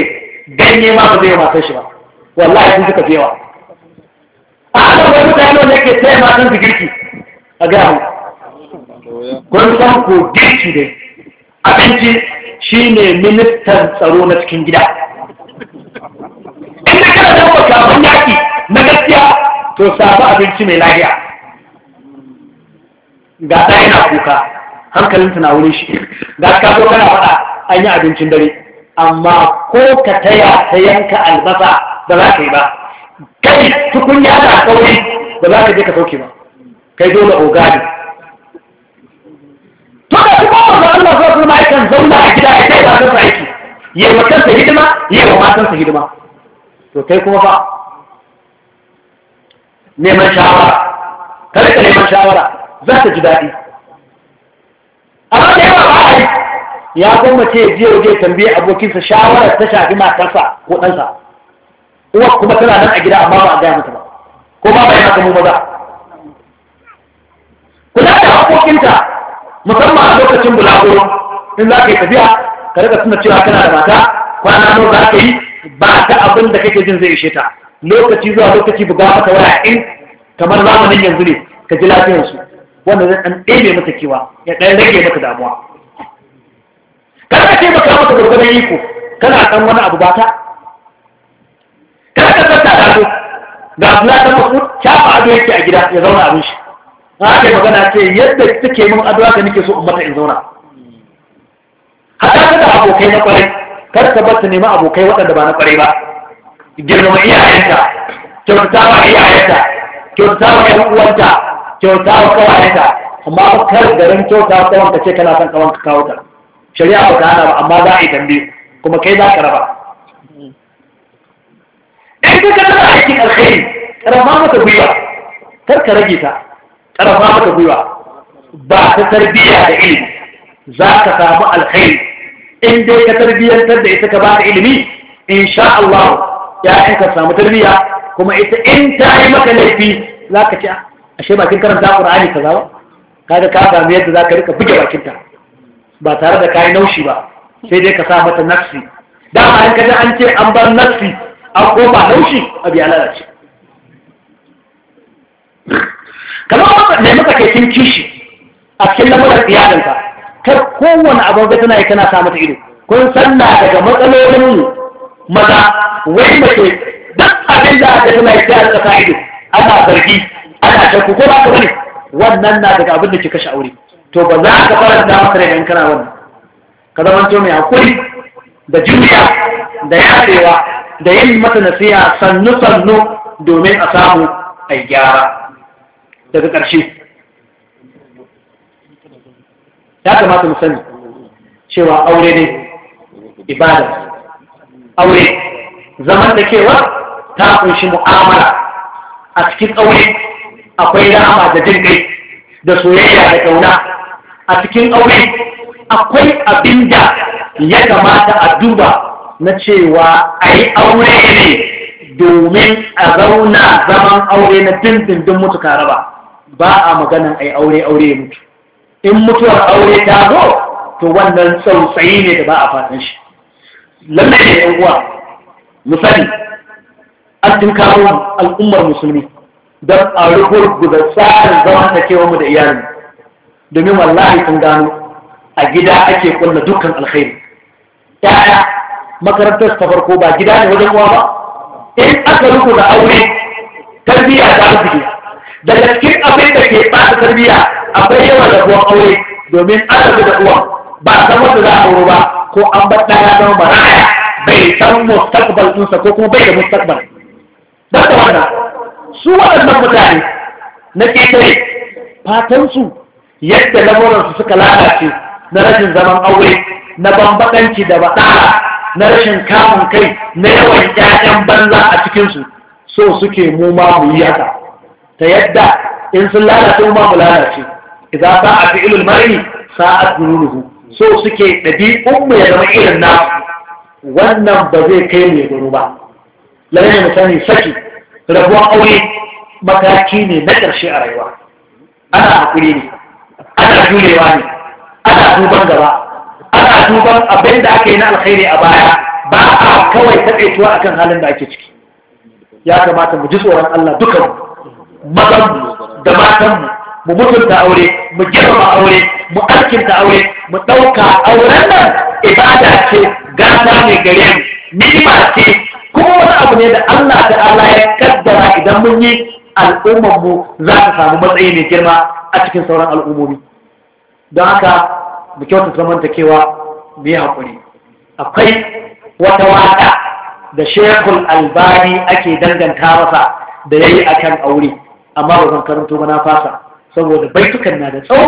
Speaker 1: ganye ma ba zai matar shi ba wallahi sun suka fi yawa a ana wani mutane wanda ke tsaye matan su girki a gaya mu kun san girki ne abinci shine ministan tsaro na cikin gida inda kana da makaman yaki na gaskiya to sabu abinci mai lafiya ga ɗaya kuka hankalinta na wurin shi ga ka zo kana faɗa an yi abincin dare amma ko ka taya ta yanka albasa ba za ka yi ba kai tukunya na sauri ba za ka je ka sauke ba kai dole oga ne
Speaker 2: to da kuma wanda Allah zai kuma aikan zauna a gida ya kai ba zai aiki
Speaker 1: ya yi matansa hidima ya yi wa matansa hidima to kai kuma fa neman shawara kada ka neman shawara za ta ji daɗi amma da yawa ba a yi ya gwamnati ce jiya ya tambaye abokinsa shawarar ta shafi matarsa ko ɗansa uwar kuma tana nan a gida amma ba a gaya mata ba ko ba ba ya mu maza kula da haƙoƙinta musamman a lokacin bulaguro in za ka yi tafiya ka rika suna cewa kana da mata kwana nawa za ka yi ba ta abin da kake jin zai ishe ta lokaci zuwa lokaci buga maka waya in kamar zamanin yanzu ne ka ji lafiyarsu wanda zai ɗan ɗebe mata kewa ya ɗan rage mata damuwa kada ka taimaka mata gwargwadon iko kana ɗan wani abu ba ta ka kasar ta da ga kula ta faɗo shafa ado yake a gida ya zauna abin shi haka yi magana ce yadda take min addu'a ka nake so in in zauna haɗa da abokai na kwarai kar ka bar ta nema abokai waɗanda ba na kwarai ba girma iyayenta kyautawa iyayenta kyautawa ƴan uwanta kyautawa kawayenta amma kar garin kyautawa kawanka ce kana son kawanka kawo ta shari'a ba ta hana ba amma za a yi tambi kuma kai za ka raba in ta karɓa aikin alkhairi karama maka gwiwa kar ka rage ta karama maka gwiwa ba ta tarbiyya da ilimi za ka samu alkhairi in dai ka tarbiyyantar da ita ka ba ilimi insha Allah ya ka samu tarbiyya kuma ita in ta yi maka laifi za ka ci ashe bakin karanta Qur'ani kaza ka kaga ka samu yadda za ka rika buge bakinta ba tare da yi naushi ba sai dai ka sa mata nafsi dama in ka ji an ce an bar nafsi an ba laushi a biya lalace kamar wanda da muka kai kin kishi a cikin lamuran iyalinka kai kowane abin da tana yi kana sa mata ido kun sanna daga matsalolin maza wai mace duk abin da aka tana yi tana ta ido ana zargi ana shakku ko ba ka wani wannan na daga abin da ke kashe aure to ba za ka fara da masa rai kana wannan ka zama mai hakuri da juriya da yarewa. da yin mata nasiha sannu sannu domin a samu a gyara daga ƙarshe ya kamata mu sani cewa aure ne ibada aure zaman da kewa ta kunshi mu'amala a cikin aure akwai rama da jin da soyayya da kauna a cikin aure akwai abin da ya kamata a duba na cewa a yi aure ne domin a zauna zaman aure na dindindin mutu raba ba a maganan a yi aure aure ya mutu in mutuwar aure ta zo to wannan tsautsayi ne da ba a fatan shi lallai ne yan uwa misali an tinkawo al'ummar musulmi don a rubuta tsarin zaman da kewa mu da iyali, domin wallahi sun gano a gida ake kulla dukkan alkhairi ya'ya makarantar ta farko ba gida ne wajen kowa ba in aka ruku da aure tarbiyya ta arziki daga cikin abin da ke ɓata tarbiyya akwai yawan rabuwar aure domin an da uwa ba a san za a ba ko an bar ɗaya zama maraya bai san mustaqbal ɗinsa ko kuma bai da mustaqbal don da wannan su waɗannan mutane na ƙetare fatansu yadda lamuransu suka lalace na rashin zaman aure na bambaɗanci da baɗala na rashin kamun kai na yawan ƴaƴan banza a cikinsu so suke mu ma mu yi haka ta yadda in sun lalace mu ma mu lalace idza fi fi'lul mar'i sa'at nuruhu so suke dabi umma ya zama irin na wannan ba zai kai mu ya gano ba lalle mu sani saki rabuwa aure mataki ne na ƙarshe a rayuwa ana hakuri ne ana jurewa ne ana duban gaba ana duban abin da aka yi na alkhairi a baya ba a kawai taɓaituwa a kan halin da ake ciki ya kamata mu ji tsoron Allah dukan mu da matan mu mu mutunta aure mu girma aure mu alkinta aure mu ɗauka auren nan ibada ce gata ne gare mu nima ce kuma wani abu ne da Allah ta'ala ya kaddara idan mun yi al'ummar mu za ta samu matsayi mai girma a cikin sauran al'ummomi don haka mu kyauta zamantakewa mu yi haƙuri akwai wata wata da shekul albani ake danganta masa da ya yi a kan aure amma ba zan karanto ba na fasa saboda baitukan na da tsawo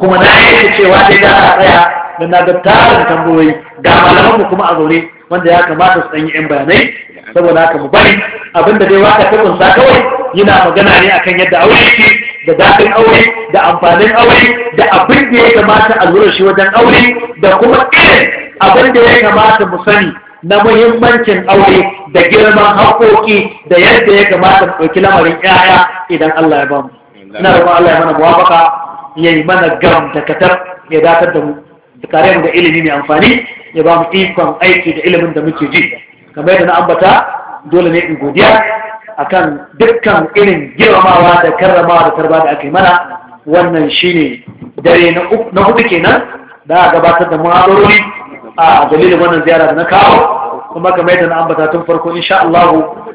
Speaker 1: kuma na yanke cewa sai da a tsaya da na ga tarin tambayoyi ga malamanmu kuma a zaune wanda ya kamata su ɗan yi 'yan bayanai saboda haka mu bari abinda dai waka ta kunsa kawai yana magana ne akan yadda aure yake da daɗin aure da amfanin aure da abin da ya kamata a lura shi wajen aure da kuma irin abin da ya kamata mu sani na muhimmancin aure da girman haƙoƙi da yadda ya kamata mu ɗauki lamarin 'ya'ya idan Allah ya ba mu ina roƙon Allah ya mana muwafaka ya yi mana gam da ya datar da mu mu da ilimi mai amfani ya ba mu ikon aiki da ilimin da muke ji kamar yadda na ambata dole ne in godiya akan dukkan irin girmamawa da karramawa da tarba da aka mana wannan shine dare na hudu kenan da a gabatar da muhadarori a dalilin wannan ziyara da na kawo kuma kamar yadda na ambata tun farko insha Allah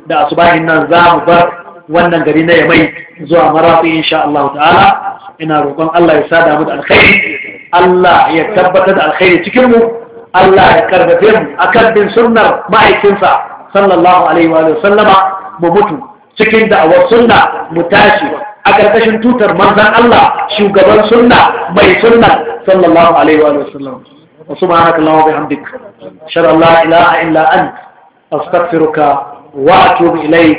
Speaker 1: da asubahin nan za mu bar wannan gari na yamai zuwa marafi insha Allah ta'ala ina roƙon Allah ya sada mu da alkhairi Allah ya tabbatar da alkhairi cikin mu Allah ya karbace mu akan bin sunnar ma'aikinsa sallallahu alaihi wa sallama mu mutu cikin da'awar sunna mu tashi a ƙarƙashin tutar manzan Allah shugaban sunna mai sunna sallallahu alaihi wa sallam wa subhanaka allahumma bihamdik shar Allah ilaha illa ant astaghfiruka wa atubu ilaik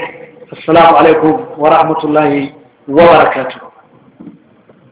Speaker 1: assalamu alaikum wa rahmatullahi wa barakatuh